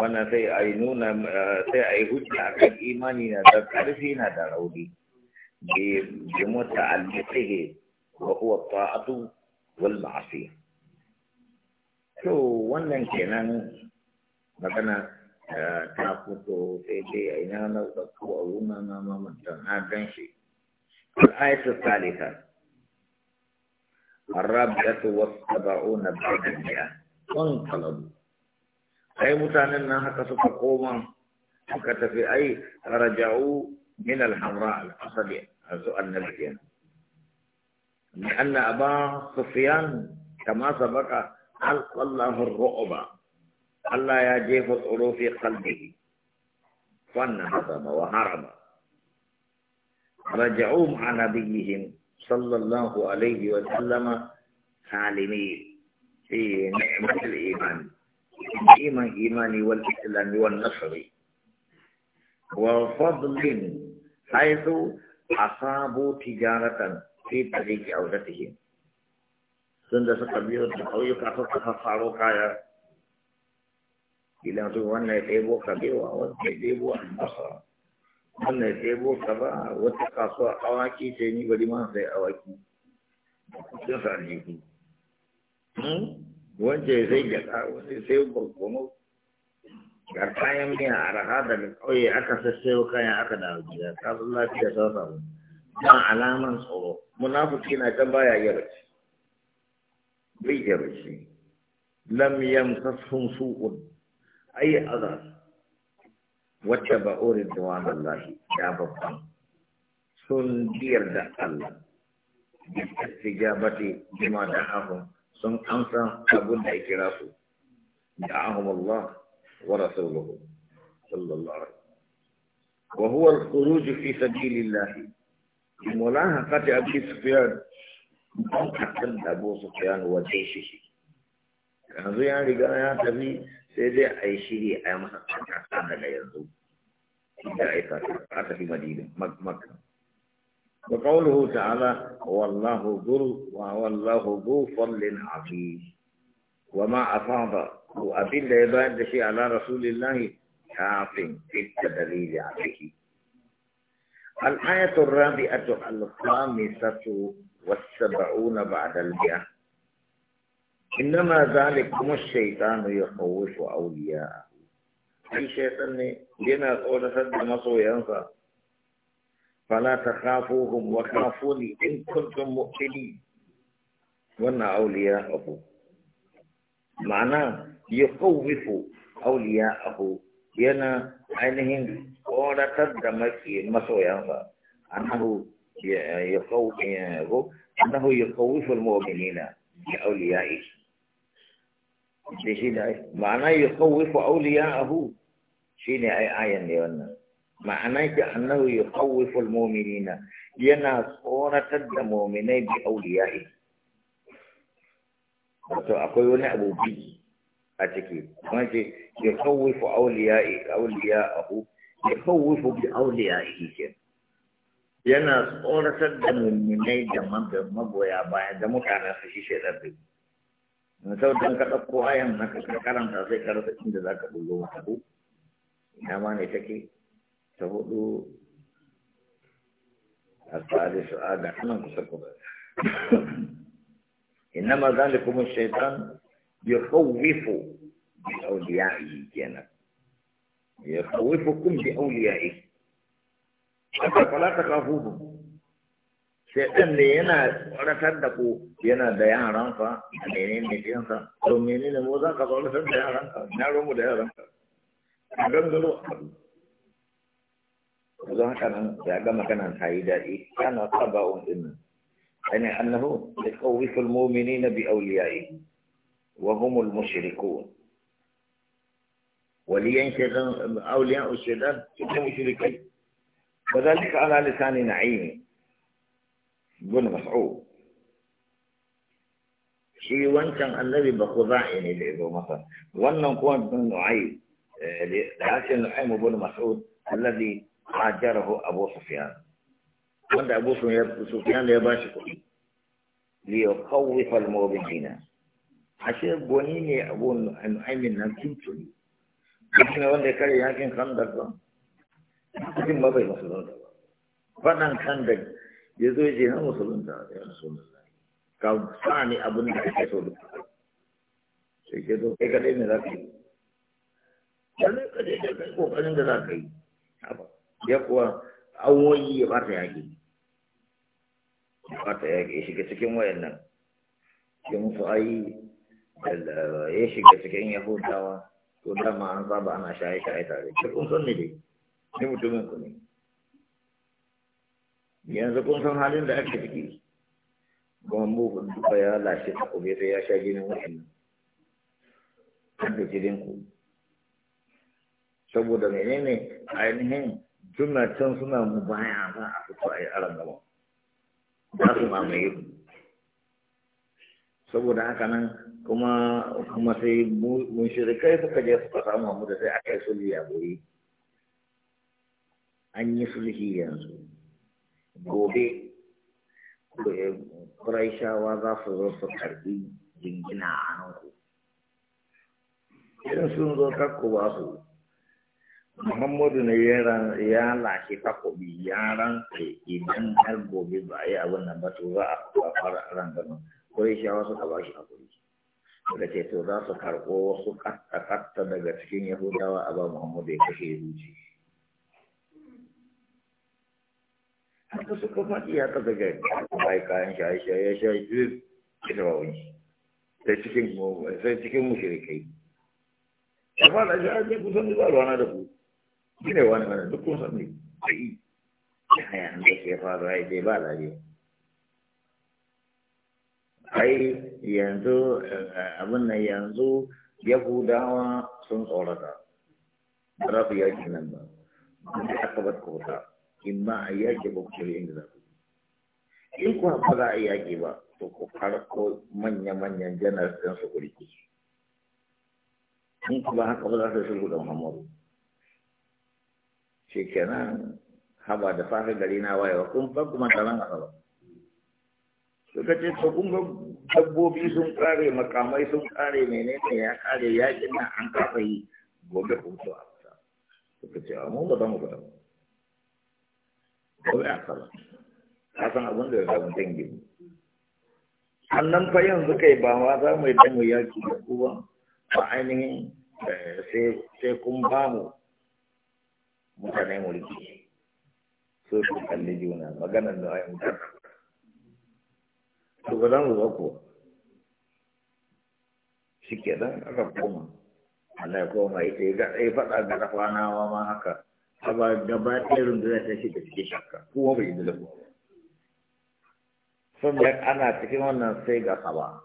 [SPEAKER 1] وانا سيعينون سيعي هجة في الإيمان نتذكر في نتعودي بمتعلقه وهو الطاعة والمعصية شو وانن كنان مثلا تاكوتو تيجي اينا نزدكو اونا ناما مدن هادنشي الآية الثالثة الرابعة والسبعون بعد المئة وانقلبوا أي متانن نها كسوك قوما كتفي أي رجعوا من الحمراء الأصلي أزو النبي لأن أبا سفيان كما سبق ألقى الله الرعب ألا يجيب الألو في قلبه فانهزم وهرب رجعوا مع نبيهم صلى الله عليه وسلم سالمين في نعمة الإيمان إيمان الإيمان والإسلام والنصر وفضل حيث أصابوا تجارة fi tariki auratihim sun da suka biyo da ƙauyuka suka faffaro kaya idan su wannan ya ɗebo kabewa wannan ya ɗebo albasa wannan ya ɗebo kaba wata kasuwa awaki ce ni bari ma awaki sun sa aljihu wance sai gyaɗa wani sai barkono ga kayan miya a raha daga ƙauye aka sassayo kayan aka dawo gida lafiya sau samu ba alaman munafiki na can baya iya bacci bai iya bacci lam yamsashum su'un ay azab wacce ba urin duwan Allah ya babban sun biyar da Allah istijabati bima da'ahum sun amsa abin da ya kira su da'ahum Allah wa rasuluhu sallallahu alaihi wa huwa al-khuruj fi sabilillah ملاحقة da سفيان حقا أبو سفيان وجيشه yanzu ya riga ya tafi sai dai a yi shiri a yi masa tsakasa da yanzu da aika a tafi madina makka wa qawluhu ala wallahu dhur wa wallahu dhu fadlin azim wa ma a afada ko abin da ya bayar da shi ala rasulillahi kafin fitta dalili a ciki الآية الرابعة الخامسة والسبعون بعد المئة إنما ذلكم الشيطان يخوف أولياءه أي شيطان لنا قولة سد مصر فلا تخافوهم وخافوني إن كنتم مؤمنين وأن أولياءه معناه يخوف أولياءه yana ainihin ƙoratar da maki masoyansa annahu ya kawo annahu ya kawo mu'minina bi awliya'i da shi da ma'ana ya kawo awliya'ahu shine ai ayan ne wannan ma'ana ki annahu ya kawo mu'minina yana tsoratar da mu'minai bi awliya'i wato akwai wani abu a ciki kuma ce ya kawwifu auliya'ahu ya kawwifu bi auliya'ihi ke yana tsoratar da mummunai da magoya bayan da mutanen su shi shaidar da na sautan ka ɗauko ayan na ka karanta sai ka rasa inda za ka bullo mata ku ina ma ne take ta hudu a tsari su'ada nan kusa kuma إنما ذلكم الشيطان يخوف بأوليائه كانت يخوفكم بأوليائه حتى فلا تخافوهم سيكون لينا ولا صدقوا لينا ديا رانفا منين منين صا ثم منين موزا كذول سن ديا رانفا نارو مو ديا رانفا عندهم دلو Zuwa kanan ya gama kanan sayi daɗi, kana taba'un ɗin nan. Ainihin وهم المشركون ولينشد أولياء الشداد كلهم مشركين وذلك على لسان نعيم بن مسعود شي وانشان الذي بخضائن لعبه مثلا وانن قوان بن نعيم آه، لعاش نعيم بن مسعود الذي هاجره أبو سفيان وانت أبو صفيان يباشق ليخوف المؤمنين ashe gwani ne abun na nan tuntuni shi na wanda ya kare yakin kan da ba cikin ba bai musulunta ba faɗan kan da ya zo je na musulunta ya musulunta ka sa ni abin da ake so da sai ke zo kai kaɗai ne za ka yi lalle ka je kai kokarin da za ka yi ya kuwa awoyi ya bata yaƙi ya ta yaƙi shiga cikin wayannan ke musu ayi ya shiga cikin yahudawa to dama an saba ana shaye-shaye tare ce kun san ne dai ni mutumin ku ne yanzu kun san halin da ake ciki kuma mugun duka ya lashe ta kube sai ya sha jinin wa'annan kan da jirin ku saboda menene ainihin suna can suna mu baya za a fito a yi aran gaba za su mamaye ku saboda haka nan kuma kuma sai mushrikai suka je suka samu mu da sai aka yi sulhi a goyi an yi sulhi yanzu gobe eh, Qurayshawa za su zo su karbi jingina a idan sun zo kakku ba su Muhammadu ne ya lashe takobi ya rantse idan har gobe ba a yi abin nan ba to za a fara ran ganin Qurayshawa suka ba shi hakuri suka ce to za su karɓo wasu ƙasta daga cikin yahudawa a ba muhammadu ya kashe zuci haka suka faɗi ya ta daga bai kayan shaye-shaye ya sha biyu ita ba wani sai cikin sai cikin mushrikai ya fara shi a ce kusan zuwa ruwana da ku shi ne wani mana duk kun sami yi. ya hanyar da ke faru ya ce ba lafiya ai yanzu eh, abin nan yanzu yahudawa sun tsorata ba za su yaki nan ba da aka bar kota in ba a yaki ba ku inda za ku in ku ba za a yaki ba to ku farko manya-manyan janar ɗin su kurki in ku ba haka ba za su shigo da muhammadu shi kenan haba da fara gari na wayewa kun kuma mataran a ba suka ce to kun ga dabbobi sun kare makamai sun kare menene ya kare yakin nan an kafa yi gobe ku a fita suka ce amma ba za mu fita gobe a kala ka san abin da ya samu dangi sannan fa yanzu kai ba ma za mu yi dan mu yaki da kuwa. ba ba ainihin eh, sai kun ba mu mutane mulki so su kalli juna maganar da ayyukan to ba za mu ba aka koma Allah ya koma ita ya ga ya faɗa ga rafanawa ma haka amma gaba ɗaya rundunar ta shi da shi shakka kuma bai yi da kuwa sannan ana cikin wannan sai ga saba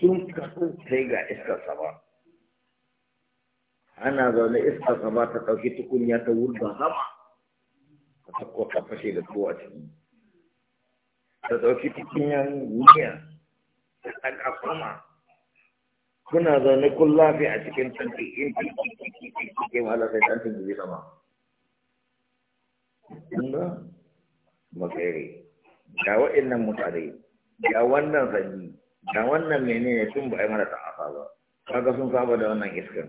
[SPEAKER 1] sun kasu sai ga iska saba ana zaune iska saba ta ɗauki tukunya ta wurga sama ta sako ta fashe da tuwo a da ɗauki cikin duniya da ƙasama kuna zaune kun lafiya a cikin tanti in ke malar sai tantin da zai sama inda makare ga wa'annan mutane ga wannan sanyi ga wannan menene sun ba a yi mara ta'afa ba kaga sun saba da wannan iskar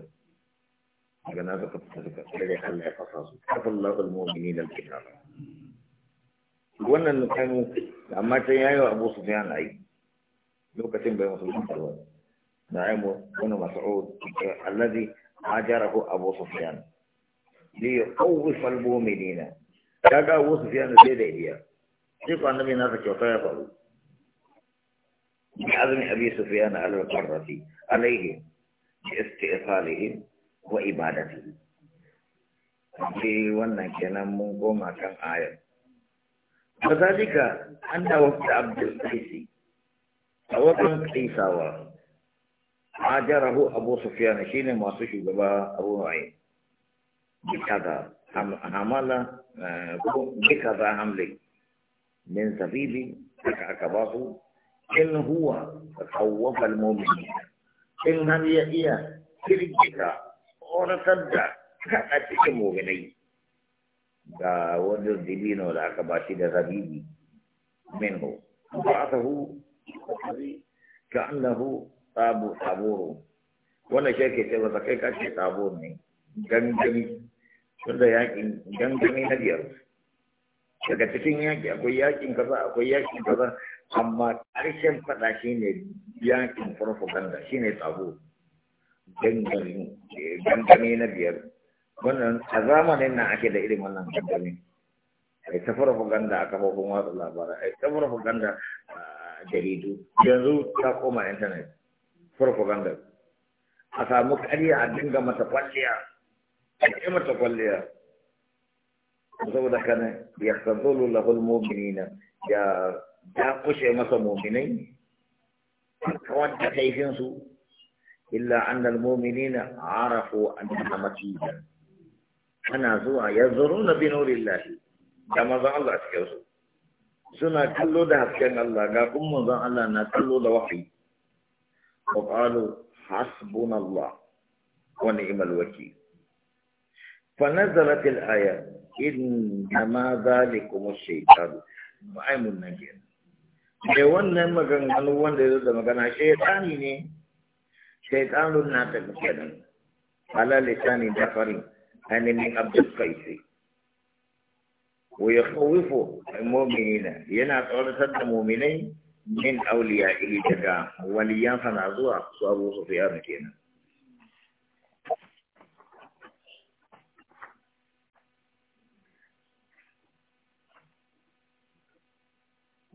[SPEAKER 1] daga na suka fita suka tsere Allah ya fasa su kafin lafin mu'mini da alkitaba wannan lukami amma ta ya yi wa abu su fiyan yi lokacin bai masu lukuta ba na aimu wani masu o a jara ko abu su ne ya kowai falbo menina ya ga abu su fiyan sai da iya shi ko annabi na sa kyauta ya faru azumi a alwatar rafi alaihi Ake wannan kenan mun goma kan ayat. وذلك أن وفد عبد القيس وفد قيساوة عاجره أبو سفيان شين ما سشبه أبو نعيم بكذا حمل بكذا حمل من زبيب أكباته إن هو خوف المؤمنين إن هل يأيا كرجك ورسد كأتك مؤمنين ga wani dibino da aka ba shi da zabibi minhu ba'athahu ka'annahu tabu taburu wannan shi ke cewa kai ka ce tabur ne gangami tunda yakin gangami na biyar daga cikin yaki akwai yakin kaza akwai yakin kaza amma ƙarshen faɗa shi ne yakin farfaganda shi ne tsaro eh, gangami na biyar wannan a zamanin nan ake da irin wannan gangamin ai ta ganda a kafofin watsa labarai ai ta ganda a ah, jaridu yanzu ta koma intanet ganda. a samu karya a dinga mata kwalliya a yi mata kwalliya saboda kana ya sanzolo lahul mu'minina ya ya kushe masa mu'minai kawar da kaifinsu illa annal mu'minina arafu anna masidan ana zuwa yanzuruna bi nurillah da mazan Allah a cikin su suna kallo da hasken Allah ga kun mazan Allah na kallo da wahayi wa qalu Allah wa ni'mal wakil fa nazalat al aya innama dhalikum ash-shaytan ba'imun najir da wannan maganganu wanda ya zo da magana shaytani ne shaytanun na ta kenan ala da dafarin ainihin abdul kaisi wa ya khawifu mu'minina yana tsoratar da mu'minai min auliya'ihi daga waliyansa na zuwa su abu sufyan kenan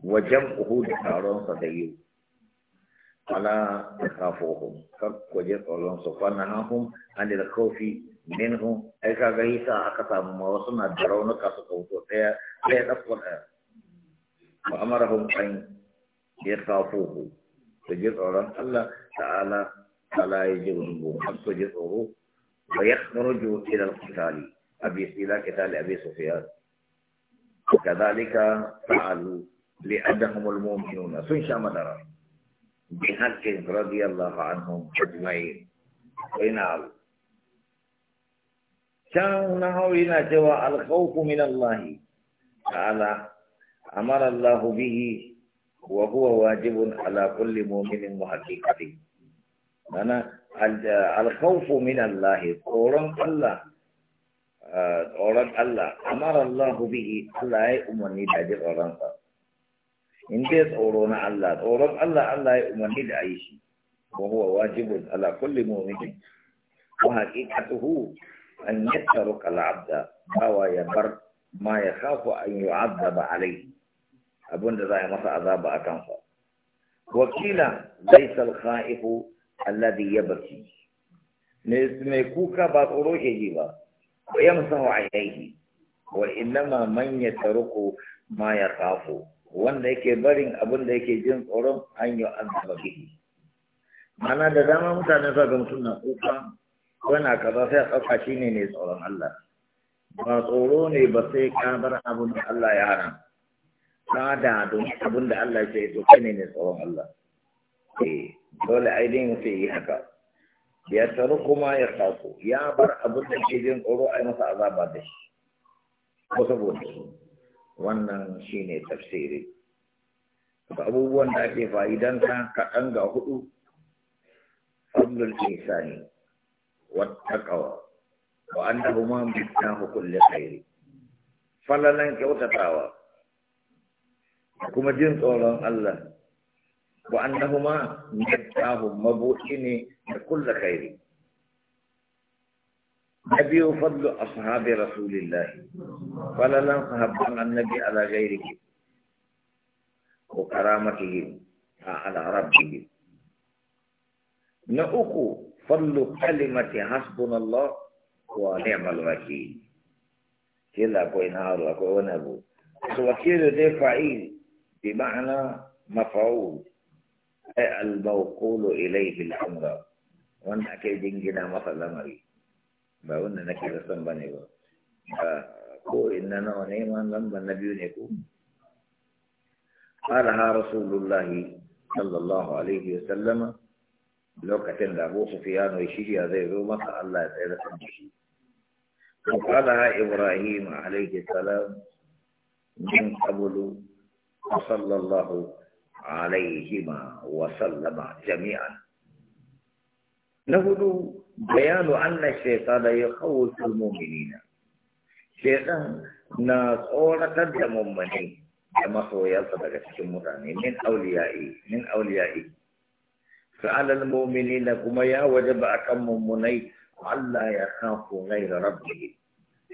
[SPEAKER 1] وجمعه دارون صديو فلا تخافوهم فكوجد الله سبحانهم عن الخوف minhu ai kaga yasa aka samu ma wasu na da raunuka suka wuto ɗaya ɗaya ɗaffo ɗaya wa amarahum an yakhafuhu su ji tsoron Allah ta'ala ta'ala ya ji rumbu har su ji tsoro wa yakhruju ila al-qitali abi ila qitali abi sufyan كذلك فعلوا لأنهم المؤمنون سنشا مدرا بحق رضي الله عنهم أجمعين وينعلوا can na hauri na cewa alkhawfu min Allah ta'ala amara Allah bihi wa huwa wajibun ala kulli mu'minin wa haqiqati mana alkhawfu min Allah tsoron Allah tsoron Allah amara Allah bihi Allah ya umarni da ji tsoron sa in dai tsoro Allah tsoron Allah Allah ya umarni da ayi shi wa huwa wajibun ala kulli mu'minin wa أن يترك العبد هو يبر ما يخاف أن يعذب عليه أبونا ذا يمسى عذاب أكنفا وكيلا ليس الخائف الذي يبكي نسميكوك بطروك جيبا ويمسى عيه وإنما من يترك ما يخاف وان ذاك barin أبونا ذاك yake أن tsoron an yi an bihi ما da dama سنة sa wana kaza sai a ɗauka shi ne ne tsoron Allah ba tsoro ne ba sai ka bar abin da Allah ya hana ka da don abin da Allah ya to kai ne tsoron Allah eh dole yi mutum yi haka ya taru kuma ya sako ya bar abin da ke jin tsoro a yi masa azaba da shi ko saboda wannan shi ne tafsiri abubuwan da ake fa'idanta ka kaɗan ga hudu fadlul ihsani wattaqawa wa annahuma mithlahu kulli khairin falalan kautatawa kuma jin tsoron Allah wa annahuma mithlahu mabutini da kulli khairin Nabi wa fadlu ashabi Rasulillah. Fala lan sahabban annabi ala ghairihi. Ko karamatihi a ala rabbihi. Na uku فضل كلمة حسبنا الله ونعم الوكيل كلا كوي نهار أكوي ونبو الوكيل ده فعيل بمعنى مفعول أي الموقول إليه الأمر وانا كي جنجنا مثلا مري ba wanda nake da son bane ba ko inna nawa neman lamban na biyu ne ko قالها رسول الله صلى الله عليه وسلم lokacin da Abu Sufiyanu shi ya zai zo maka Allah ya tsaye da san shi. Ka Ibrahim alaihi salam min kabulu wa sallallahu alaihi ma wa sallama jami'a. Na hudu bayanu Allah da ya kawo mu'minina. Shaitan na tsoratar da mummani da masoyarsa daga cikin mutane min auliya'i min auliya'i فعلى المؤمنين كما يا وجب أكم مني ألا يخاف غير ربه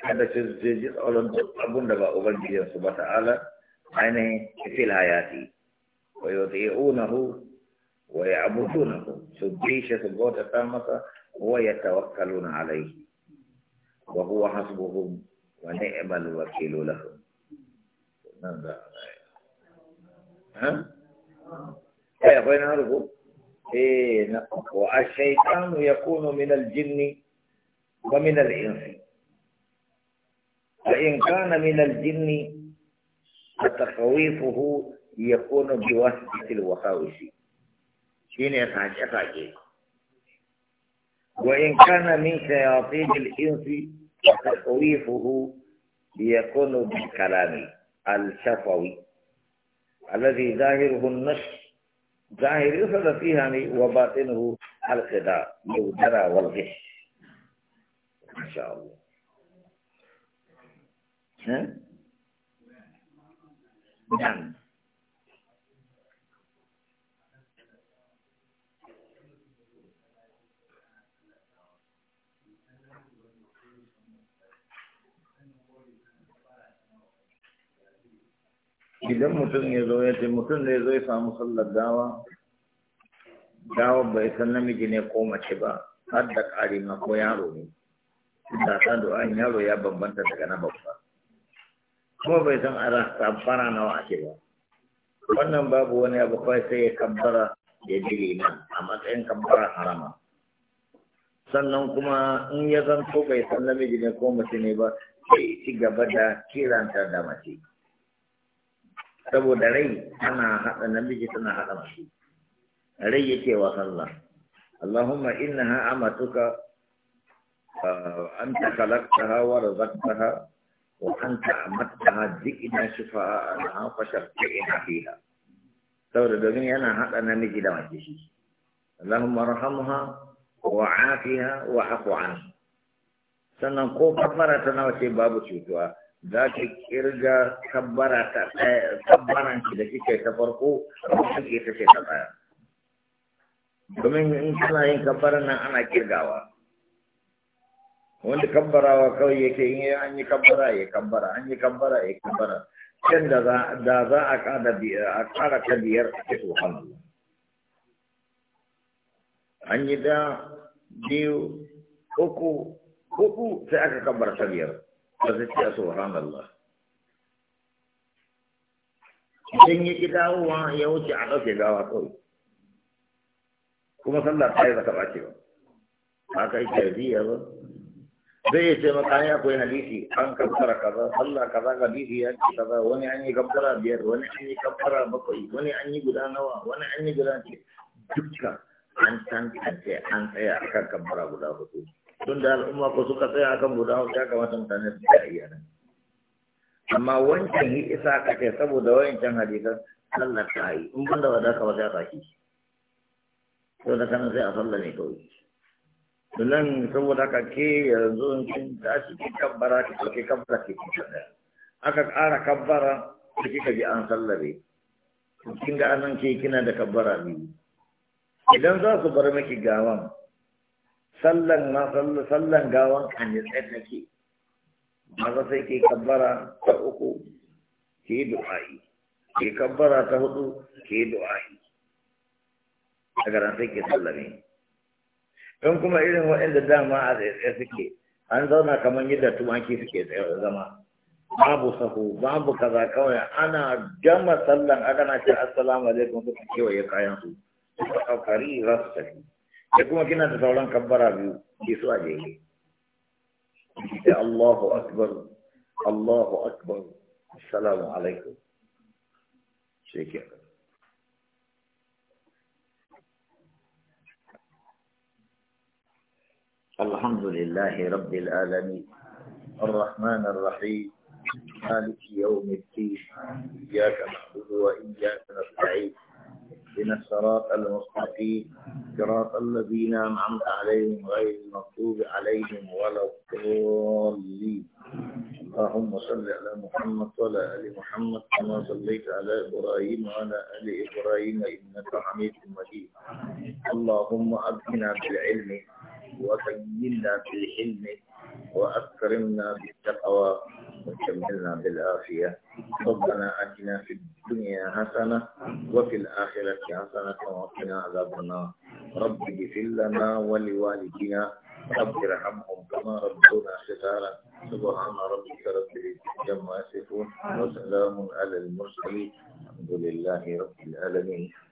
[SPEAKER 1] هذا تزيد أولاً أبونا دبا سبحانه وتعالى عينه في الحياة ويطيعونه ويعبدونه سبحانه سبحانه وتعالى ويتوكلون عليه وهو حسبهم ونعم الوكيل لهم نعم. ها؟ ها؟ ها؟ ها؟ ها؟ إيه، والشيطان يكون من الجن ومن الإنس فإن كان من الجن فتخويفه يكون بواسطة الوساوس حين يتعجفك وإن كان من شياطين الإنس فتخويفه يكون بالكلام الشفوي الذي ظاهره النص ظاهر فيها وباطنه الخداع يودرى والغش ما شاء الله ها نعم idan mutum ya zo ya ce mutum zo ya samu sallar gawa gawa bai san namiji ne ko mace ba har da ƙari ma ko yaro ne da ta du'an yaro ya bambanta daga na babba kuma bai san ara fara nawa ake ba wannan babu wani abu kawai sai ya kabbara ya jiri nan a matsayin kabbara harama sannan kuma in ya zanto bai san namiji ne ko mace ne ba sai ci gaba da kiranta da mace saboda rai ana haɗa namiji tana haɗa masu rai yake wa Allah Allahumma innaha amatuka anta ha wa razaqtaha wa anta ha, zikina shifa'a anha fa fi fiha saboda domin yana haɗa namiji da mace shi Allahumma rahamha wa afiha wa afu anha sannan ko kafara ta nawa ce babu cutuwa za ki kirga kabbara ta ɗaya kabbaran ki da kike ta farko da kike ta ce ta ɗaya domin in kana yin kabbaran nan ana kirgawa wanda kabbarawa kawai yake in an yi kabbara ya kabbara an yi kabbara ya kabbara can da za a a kara ta biyar a ce hannu an yi da biyu uku huɗu sai aka kabbara ta biyar ba zai ce subhanallah idan ya ki dawowa ya wuce a ɗauke gawa kawai kuma sallah ta yi zaka ba ce ba haka yake ya ba zai iya ce maka ya koyi hadisi an kamfara kaza sallah kaza hadisi ya ce kaza wani an yi kamfara biyar wani an yi kamfara bakwai wani an yi guda nawa wani an yi guda ce dukka an tantance an tsaya akan kamfara guda hudu tun da al'umma ko suka tsaya akan guda hudu ya kamata mutane su ta iya nan amma wancan yi isa kake, saboda wancan hadisan sallar ta yi in da ba za ka ba sai a saki sau da kana sai a sallar ne kawai sunan saboda ka ke yanzu in kin tashi ki kabbara ki ɗauki kabbara ki kusa ɗaya aka ƙara kabbara ki kika ji an sallare kin ga anan ke kina da kabbara biyu idan za su bar miki gawan sallan na sallan gawan an yi tsaye ke maza sai ke kabbara ta uku ke du'a'i ke kabbara ta hudu ke du'a'i daga nan sai ke sallame in kuma irin waɗanda dama a tsaye suke an zauna kamar yadda tumaki suke tsaye zama babu sahu babu kaza kawai ana gama sallan ana ce assalamu alaikum suka kewaye kayan su suka ɗaukari za su tafi يكون كنا تسولان كبر أبيو يسوع جيه الله أكبر الله أكبر السلام عليكم شكرا الحمد لله رب العالمين الرحمن الرحيم مالك يوم الدين إياك نعبد وإياك نستعين من الصراط المستقيم صراط الذين أنعمت عليهم غير المغضوب عليهم ولا الضالين اللهم صل على محمد وعلى آل محمد كما صليت على إبراهيم وعلى آل إبراهيم إنك حميد مجيد اللهم أبقنا بالعلم وزينا بالحلم وأكرمنا بالتقوى وكملنا بالعافية ربنا أتنا في الدنيا حسنة وفي الآخرة حسنة وقنا عذاب النار رب اغفر لنا ولوالدينا رب ارحمهم كما ربونا صغارا سبحان ربك رب العزة عما يصفون وسلام على المرسلين الحمد لله رب العالمين